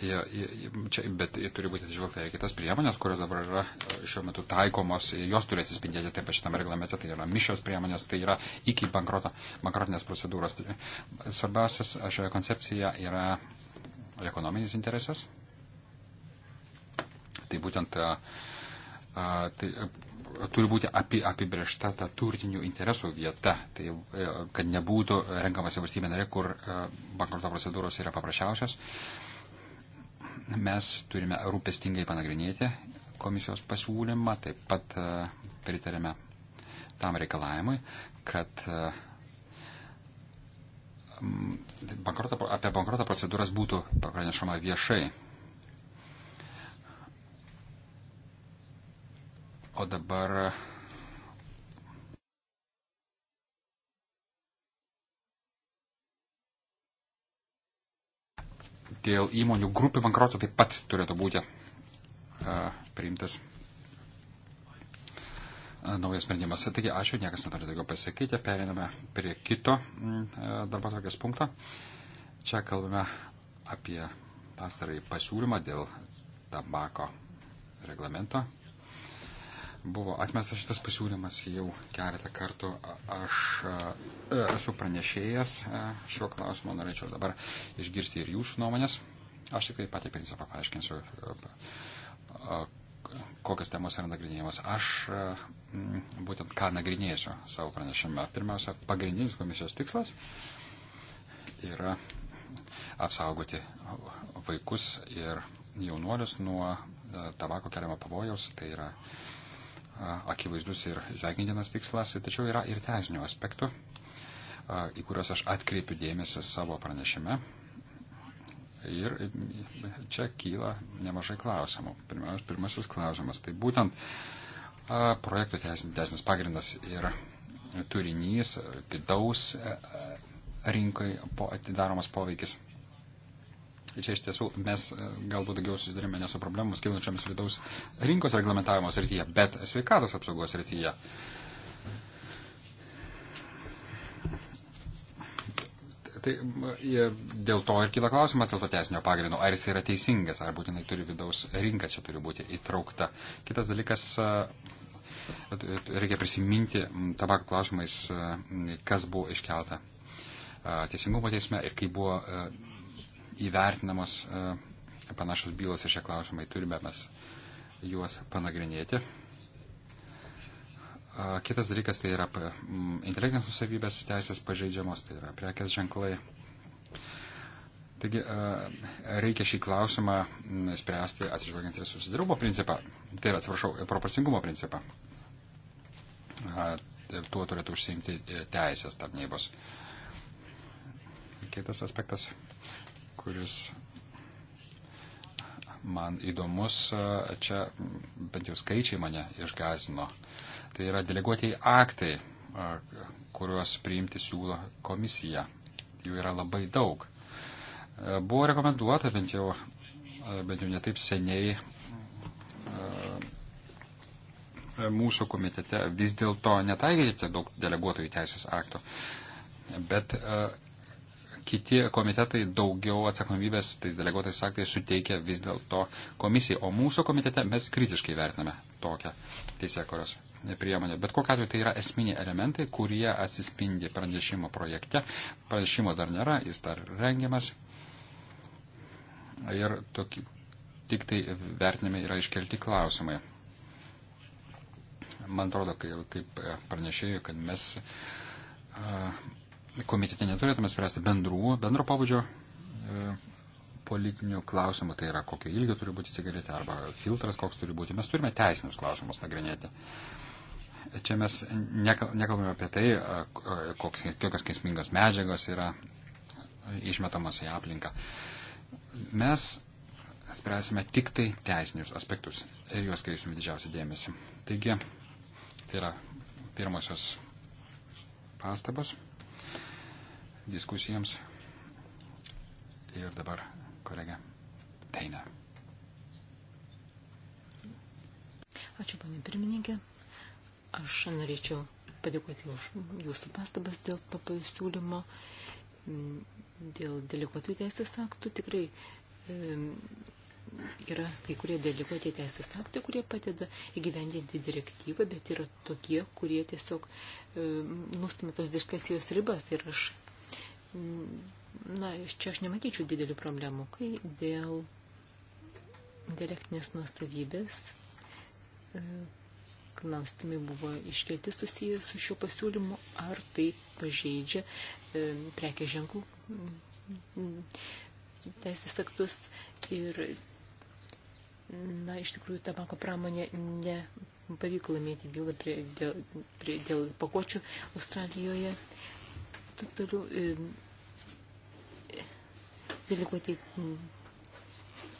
Čia, bet turi būti atsižvelgta ir kitas priemonės, kurios dabar yra e, šiuo metu taikomos, jos turi atsispindėti taip pat šitame reglamente, tai yra mišios priemonės, tai yra iki bankroto, bankrotinės procedūros. Tai, e, svarbiausias e, šioje koncepcijoje yra ekonominis interesas. Tai būtent tai, turi būti api, apibriešta ta turtinių interesų vieta, tai e, kad nebūtų renkamasi valstybė narė, kur e, bankroto procedūros yra paprasčiausios. Mes turime rūpestingai panagrinėti komisijos pasiūlymą, taip pat e, pritarėme tam reikalavimui, kad bankrota, apie bankroto procedūras būtų pranešama viešai O dabar. Dėl įmonių grupių bankroto taip pat turėtų būti uh, priimtas e, naujas sprendimas. Taigi, ačiū, niekas neturi daugiau pasakyti. Periname prie kito mm, e, darbo tokios punkto. Čia kalbame apie pastarąjį pasiūlymą dėl tabako reglamento buvo atmestas šitas pasiūlymas jau keletą kartų. Aš e, esu pranešėjęs e, šiuo klausimu, norėčiau dabar išgirsti ir jūsų nuomonės. Aš tik tai patį principą paaiškinsiu, e, kokios temos yra nagrinėjimas. Aš būtent ką nagrinėsiu savo pranešime. Pirmiausia, pagrindinis komisijos tikslas yra apsaugoti vaikus ir jaunuolius nuo tabako keliamo pavojaus, tai yra uh, akivaizdus ir sveikintinas tikslas, tačiau yra ir teisinių aspektų, į kuriuos aš atkreipiu dėmesį savo pranešime. Ir čia kyla nemažai klausimų. Pirmiausia, pirmasis klausimas. Tai būtent projektų teisinis pagrindas ir turinys vidaus e, e, rinkai po atidaromas poveikis Tai čia iš tiesų mes e, galbūt daugiau susidurime ne su problemus kilančiamis vidaus rinkos reglamentavimo srityje, bet sveikatos apsaugos srityje. Tai e, dėl to ir kyla klausimas dėl to teisinio pagrindo, ar jis yra teisingas, ar būtinai turi vidaus rinka čia turi būti įtraukta. Kitas dalykas, e, reikia prisiminti tabako klausimais, kas buvo iškelta teisingumo teisme ir kaip buvo įvertinamos e, panašus bylos ir šie klausimai turime mes juos panagrinėti. E, kitas dalykas tai yra intelektinės nusavybės teisės pažeidžiamos, tai yra prekės ženklai. Taigi e, reikia šį klausimą spręsti atsižvelgiant į susidarumo principą, tai yra, atsiprašau, proporcingumo principą. Tuo turėtų užsiimti teisės tarnybos. Kitas aspektas kuris man įdomus, čia bent jau skaičiai mane išgazino. Tai yra deleguotieji aktai, kuriuos priimti siūlo komisija. Jų yra labai daug. Buvo rekomenduota bent jau, bent jau netaip seniai mūsų komitete vis dėlto netaikyti daug deleguotojų teisės aktų. Bet kiti komitetai daugiau atsakomybės tais deleguotais aktais suteikia vis dėlto komisijai, o mūsų komitete mes kritiškai vertiname tokią teisėkoros priemonė. Bet kokiu atveju tai yra esminiai elementai, kurie atsispindi pranešimo projekte. Pranešimo dar nėra, jis dar rengiamas. Ir tokį, tik tai vertinime yra iškelti klausimai. Man atrodo, kaip pranešėjų, kad mes komitete neturėtume spręsti bendrų, bendro pabudžio e, politinių klausimų, tai yra kokio ilgio turi būti cigaretė arba filtras koks turi būti. Mes turime teisinius klausimus nagrinėti. Čia mes nekalbame apie tai, koks, kokios keismingos medžiagos yra išmetamos į aplinką. Mes spręsime tik tai teisinius aspektus ir juos kreipsime didžiausią dėmesį. Taigi, tai yra pirmosios pastabos diskusijams. Ir dabar kolega Teina. Ačiū, panė pirmininkė. Aš norėčiau padėkoti už jūsų pastabas dėl pasiūlymo, dėl deleguotų teisės aktų. Tikrai e, yra kai kurie deleguoti teisės aktai, kurie padeda įgyvendinti direktyvą, bet yra tokie, kurie tiesiog e, nustumė tos diskusijos ribas. Ir aš Na, čia aš nematyčiau didelių problemų, kai dėl dialektinės nuostavybės e, klausimai buvo iškelti susijęs su šiuo pasiūlymu, ar tai pažeidžia e, prekės ženklų teisės aktus ir na, iš tikrųjų tabako pramonė nepavyko laimėti bylą prie, dėl, prie, dėl pakuočių Australijoje toliau e, deleguoti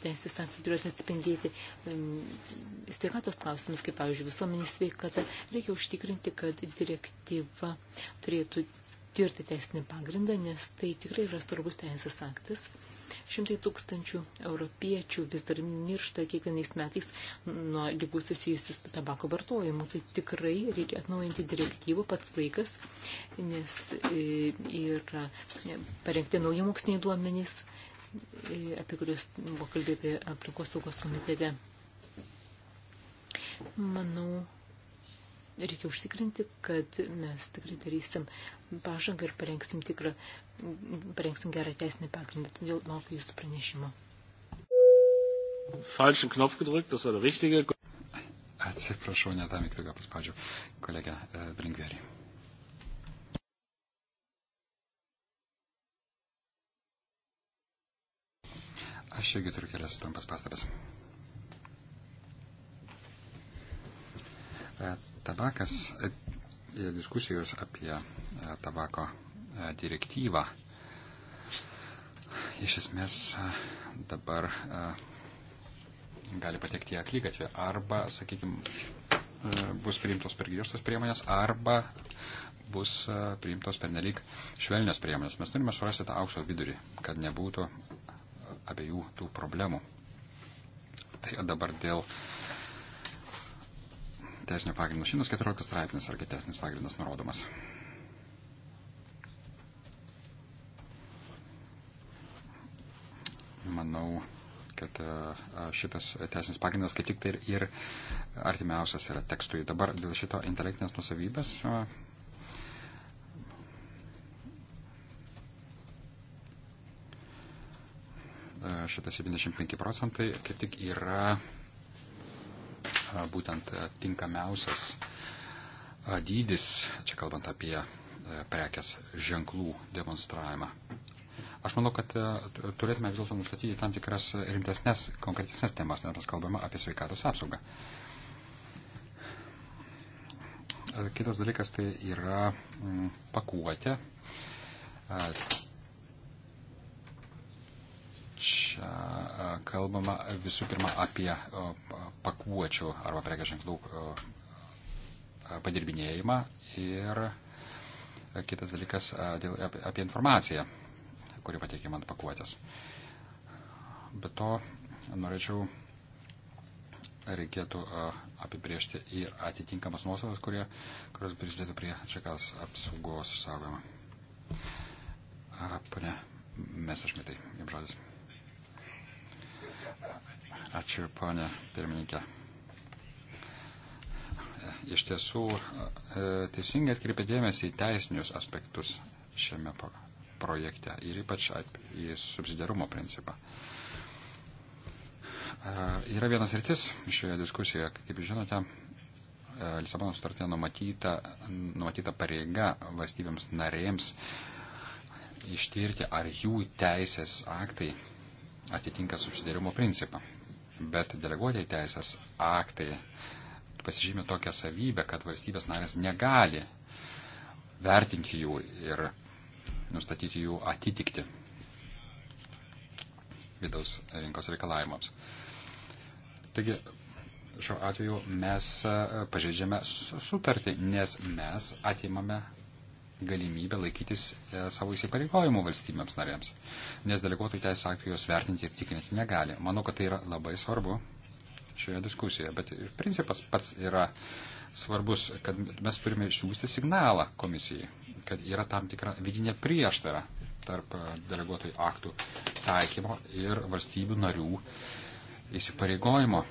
teisės aktai turėtų atspindėti sveikatos klausimus, kaip, pavyzdžiui, visuomenės sveikata. Reikia užtikrinti, kad direktyva turėtų tvirtą teisinį pagrindą, nes tai tikrai yra svarbus teisės aktas. Šimtai tūkstančių europiečių vis dar miršta kiekvienais metais nuo lygų susijusių su tabako vartojimu. Tai tikrai reikia atnaujinti direktyvą pats laikas, nes e, yra parengti nauji moksliniai duomenys, e, apie kuriuos buvo kalbėti aplinkos saugos komitete. Manau, reikia užtikrinti, kad mes tikrai darysim pažangą ir parengsim, tikrą, parengsim gerą teisinį pagrindą. Todėl laukiu jūsų pranešimo. Falschen Knopf gedrückt, das war der richtige. Atsiprašau, ne tą mygtuką paspaudžiau. Kolega e, Blingveri. Aš irgi turiu kelias trumpas pastabas. E, tabakas e, diskusijos apie e, tabako e, direktyvą iš esmės e, dabar gali patekti į aklygatvę arba, sakykime, bus priimtos per griežtos priemonės arba bus priimtos per nelik švelnios priemonės. Mes turime surasti tą aukso vidurį, kad nebūtų abiejų tų problemų. Tai dabar dėl uh, teisinio pagrindo. 114 straipsnis argi teisinis pagrindas nurodomas. Manau, kad e, šitas teisinis pagrindas kaip tik tai ir artimiausias yra tekstui. Dabar dėl šito intelektinės nusavybės. E, e, šitas 75 procentai kaip tik yra būtent e, tinkamiausias e, dydis, čia kalbant apie e, prekės ženklų demonstravimą. Aš manau, kad turėtume vis dėlto nustatyti tam tikras rimtesnės, konkretesnės temas, nes mes kalbame apie sveikatos apsaugą. Kitas dalykas tai yra mm, pakuotė čia e, kalbama visų pirma apie e, pakuočių arba prekės ženklų e, padirbinėjimą ir kitas dalykas dėl, apie, apie informaciją, kuri pateikiama ant pakuotės. Be to, norėčiau reikėtų apibriežti ir atitinkamas nuosavas, kurie, kurios prisidėtų prie čekas apsaugos išsaugojimo. Pane Mesešmitai, jums žodis. Ačiū, ponė pirmininkė. Iš tiesų, e, teisingai atkreipė dėmesį į teisinius aspektus šiame projekte ir ypač į subsidiarumo principą. E, yra vienas rytis šioje diskusijoje, kaip žinote, e, Lisabono sutartė numatyta, numatyta pareiga valstybėms narėms ištirti, ar jų teisės aktai atitinka subsidiarumo principą bet deleguotieji teisės aktai pasižymė tokią savybę, kad valstybės narės negali vertinti jų ir nustatyti jų atitikti vidaus rinkos reikalavimams. Taigi, šiuo atveju mes pažeidžiame sutartį, nes mes atimame galimybę laikytis e, savo įsipareigojimų valstybėms narėms, nes deleguotų teisės aktų jos vertinti ir tikrinti negali. Manau, kad tai yra labai svarbu šioje diskusijoje, bet ir principas pats yra svarbus, kad mes turime išsiųsti signalą komisijai, kad yra tam tikra vidinė prieštara tarp e, deleguotojų aktų taikymo ir valstybių narių įsipareigojimo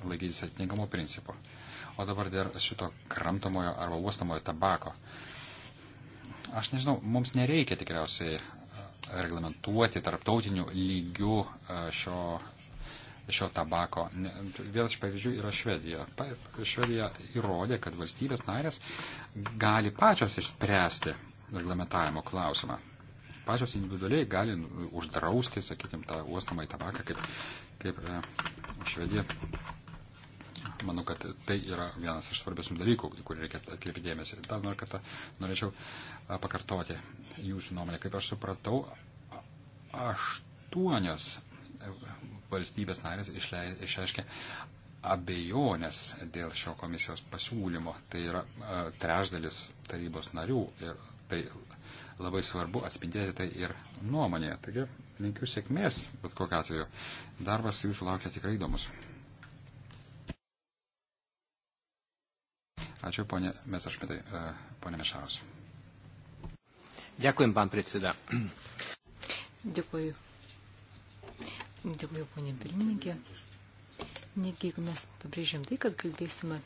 laikytis atitinkamo principo. O dabar dėl šito kramtomojo arba uostamojo tabako. Aš nežinau, mums nereikia tikriausiai e, reglamentuoti tarptautinių lygių e, šio, šio tabako. Vienas iš pavyzdžių yra Švedija. Švedija įrodė, kad valstybės narės gali pačios išspręsti reglamentavimo klausimą. Pačios individualiai gali uždrausti, sakykime, tą uostamą į tabaką, kaip, kaip e, Švedija Manau, kad tai yra vienas iš svarbesnių dalykų, kurį reikėtų atkreipti dėmesį. Dar noriu kartą norėčiau pakartoti jūsų nuomonę. Kaip aš supratau, aštuonios e, valstybės narės išreiškė abejonės dėl šio komisijos pasiūlymo. Tai yra trešdalis tarybos narių ir tai labai svarbu atspindėti tai ir nuomonėje. Taigi, linkiu sėkmės, bet kokiu atveju. Darbas jūsų laukia tikrai įdomus. Ačiū, ponė Mesašmitai, e, ponė Mešaros. Ďakujem, pán predseda. Dėkuoju. Dėkuoju, ponė pirmininkė. Netgi jeigu mes pabrėžėm tai, kad kalbėsime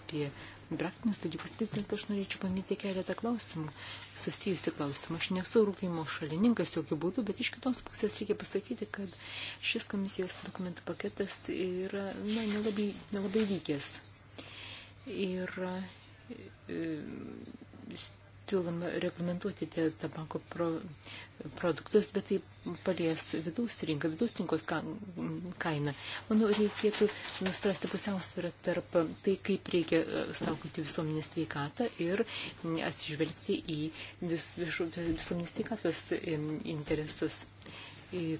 apie praktinius dalykus, vis dėlto aš norėčiau paminti keletą klausimų, susijusių klausimų. Aš nesu rūkimo šalininkas jokių būdų, bet iš kitos pusės reikia pasakyti, kad šis komisijos dokumentų paketas yra na, nelabai, nelabai vykęs ir e, siūlom reglamentuoti tabako pro, produktus, bet tai palies vidaus rinką, vidaus rinkos kainą. Manau, reikėtų nustrasti pusiausvyrą tarp tai, kaip reikia e, saugoti visuomenės sveikatą ir atsižvelgti į vis, vis, visuomenės sveikatos interesus,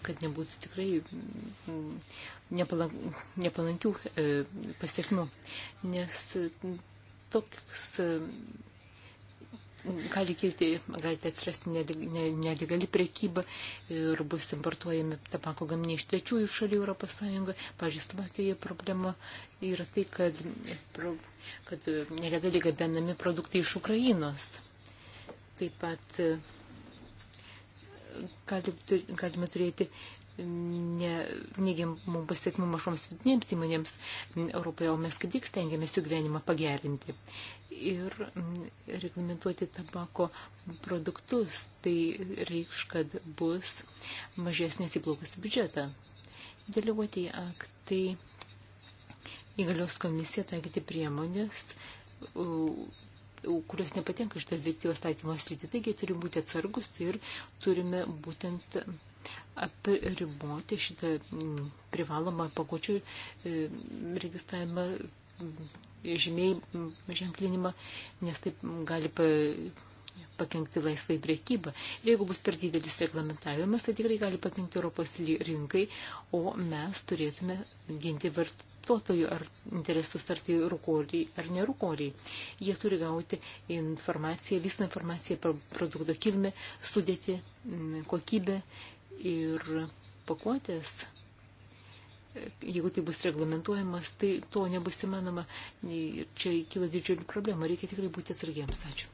kad nebūtų tikrai nepalankių e, pasiekmių, nes toks gali kilti, galite atsirasti nelegali prekyba ir bus importuojami tabako gaminiai iš trečiųjų šalių Europos Sąjungoje. Pavyzdžiui, Slovakijoje problema yra tai, kad, kad nelegaliai gabenami produktai iš Ukrainos. Taip pat e, galime turėti neigiamų pasiekmių mažoms vidinėms įmonėms Europoje, o mes kaip tik stengiamės jų gyvenimą pagerinti. Ir mm, reglamentuoti tabako produktus, tai reikš, kad bus mažesnės įplaukus į biudžetą. Deleguoti aktai įgalios komisija taikyti priemonės kurios nepatenka šitas direktyvos taikymos rytį. Taigi turi būti atsargus ir turime būtent apriboti šitą mm, privalomą pakuočių e, registravimą mm, žymiai mm, ženklinimą, nes taip gali pakengti laisvai priekybą. Ir jeigu bus per didelis reglamentavimas, tai tikrai gali pakengti Europos rinkai, o mes turėtume ginti vartotojų ar interesus, ar tai rūkoriai, ar nerūkoriai. Jie turi gauti informaciją, visą informaciją apie produkto kilmę, sudėti kokybę ir pakuotės, jeigu tai bus reglamentuojamas, tai to nebus įmanoma ir čia kyla didžiulį problemą, reikia tikrai būti atsargiems. Ačiū.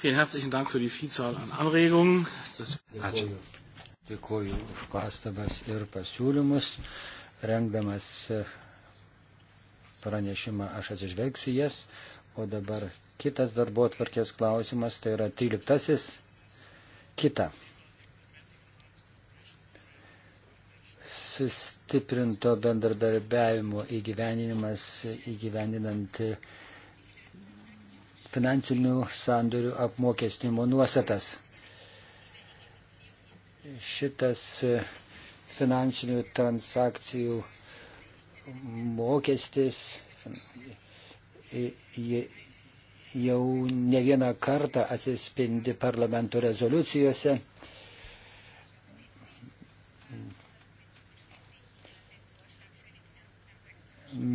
Vielen herzlichen Dank für die Vielzahl an Anregungen. Das Ačiū. Dėkuoju už pastabas ir pasiūlymus. Rengdamas pranešimą aš atsižvelgsiu jas, o dabar Kitas darbo atvarkės klausimas, tai yra 13. Kita. Sustiprinto bendradarbiavimo įgyveninimas įgyveninant finansinių sandorių apmokestinimo nuostatas. Šitas finansinių transakcijų mokestis jau ne vieną kartą atsispindi parlamento rezoliucijose.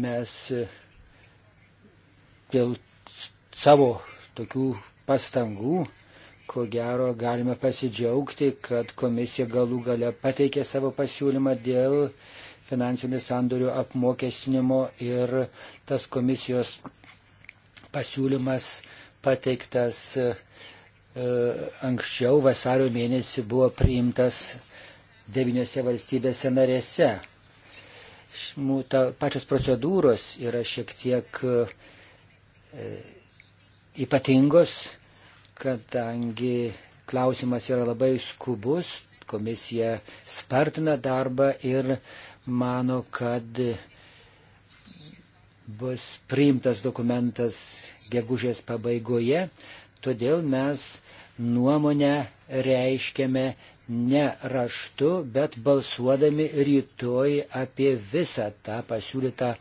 Mes dėl savo tokių pastangų, ko gero, galime pasidžiaugti, kad komisija galų gale pateikė savo pasiūlymą dėl finansinių sandorių apmokestinimo ir tas komisijos pasiūlymas pateiktas e, e, anksčiau vasario mėnesį buvo priimtas devyniose valstybėse narėse. Ta, pačios procedūros yra šiek tiek e, ypatingos, kadangi klausimas yra labai skubus, komisija spartina darbą ir mano, kad bus priimtas dokumentas gegužės pabaigoje, todėl mes nuomonę reiškiame ne raštu, bet balsuodami rytoj apie visą tą pasiūlytą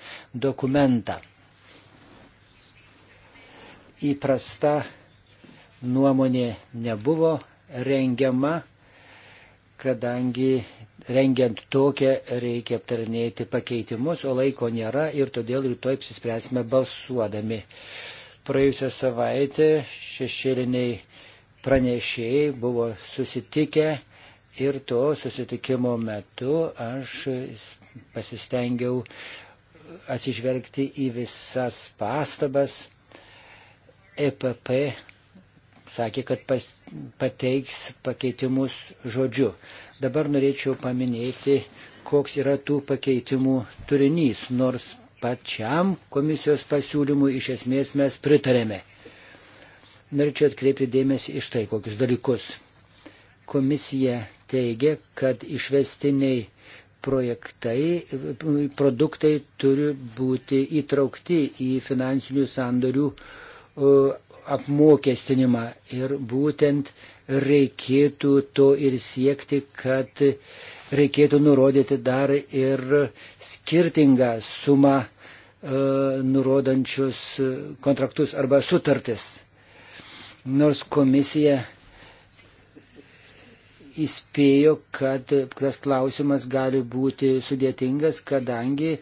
dokumentą. Įprasta nuomonė nebuvo rengiama, kadangi rengiant tokią reikia aptarnėti pakeitimus, o laiko nėra ir todėl rytoj apsispręsime balsuodami. Praėjusią savaitę šešėliniai pranešėjai buvo susitikę ir to susitikimo metu aš pasistengiau atsižvelgti į visas pastabas. EPP sakė, kad pas, pateiks pakeitimus žodžiu. Dabar norėčiau paminėti, koks yra tų pakeitimų turinys, nors pačiam komisijos pasiūlymui iš esmės mes pritarėme. Norėčiau atkreipti dėmesį iš tai kokius dalykus. Komisija teigia, kad išvestiniai projektai, produktai turi būti įtraukti į finansinių sandorių apmokestinimą ir būtent reikėtų to ir siekti, kad reikėtų nurodyti dar ir skirtingą sumą e, nurodančius kontraktus arba sutartis. Nors komisija įspėjo, kad tas klausimas gali būti sudėtingas, kadangi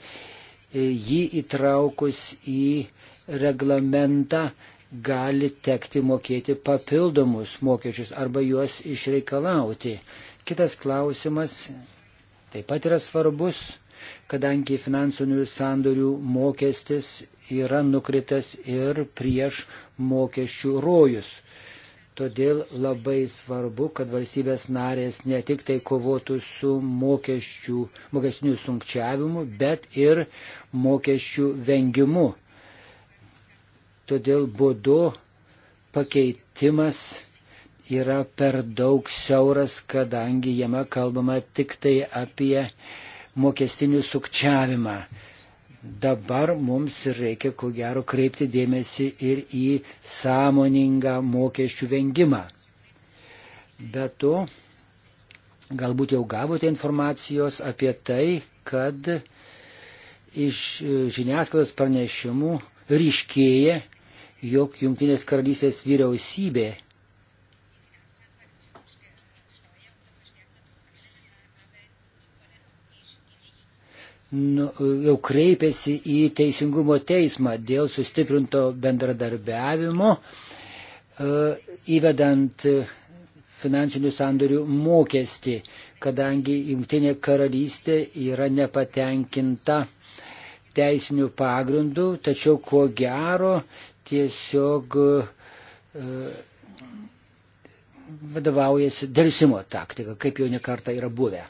jį įtraukus į reglamentą gali tekti mokėti papildomus mokesčius arba juos išreikalauti. Kitas klausimas taip pat yra svarbus, kadangi finansinių sandorių mokestis yra nukreiptas ir prieš mokesčių rojus. Todėl labai svarbu, kad valstybės narės ne tik tai kovotų su mokesčių, mokesčių sunkčiavimu, bet ir mokesčių vengimu. Todėl būdu pakeitimas yra per daug siauras, kadangi jame kalbama tik tai apie mokestinių sukčiavimą. Dabar mums reikia, ko gero, kreipti dėmesį ir į sąmoningą mokesčių vengimą. Be to, galbūt jau gavote informacijos apie tai, kad iš žiniasklaidos pranešimų ryškėja jog Junktinės karalystės vyriausybė nu, jau kreipėsi į Teisingumo teismą dėl sustiprinto bendradarbiavimo, e, įvedant finansinių sandorių mokestį, kadangi Junktinė karalystė yra nepatenkinta teisinių pagrindų, tačiau ko gero tiesiog e, vadovaujasi dėlsimo taktika, kaip jau nekarta yra buvę.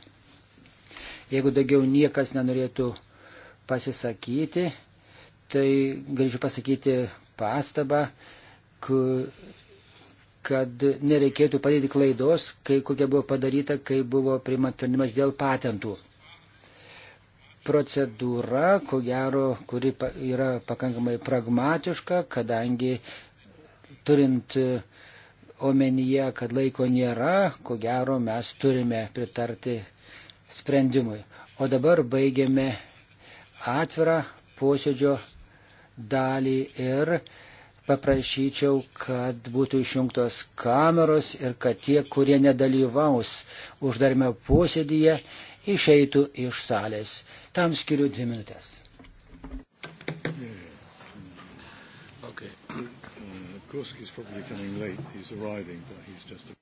Jeigu daugiau niekas nenorėtų pasisakyti, tai galėčiau pasakyti pastabą, kad nereikėtų padėti klaidos, kai kokia buvo padaryta, kai buvo priimamas sprendimas dėl patentų procedūra, ko gero, kuri yra pakankamai pragmatiška, kadangi turint omenyje, kad laiko nėra, ko gero mes turime pritarti sprendimui. O dabar baigiame atvirą posėdžio dalį ir paprašyčiau, kad būtų išjungtos kameros ir kad tie, kurie nedalyvaus uždarme posėdyje, išeitų iš salės. Tam skiriu dvi minutės. Okay. <clears throat> Uh, Kurski's probably coming late. He's arriving, but he's just.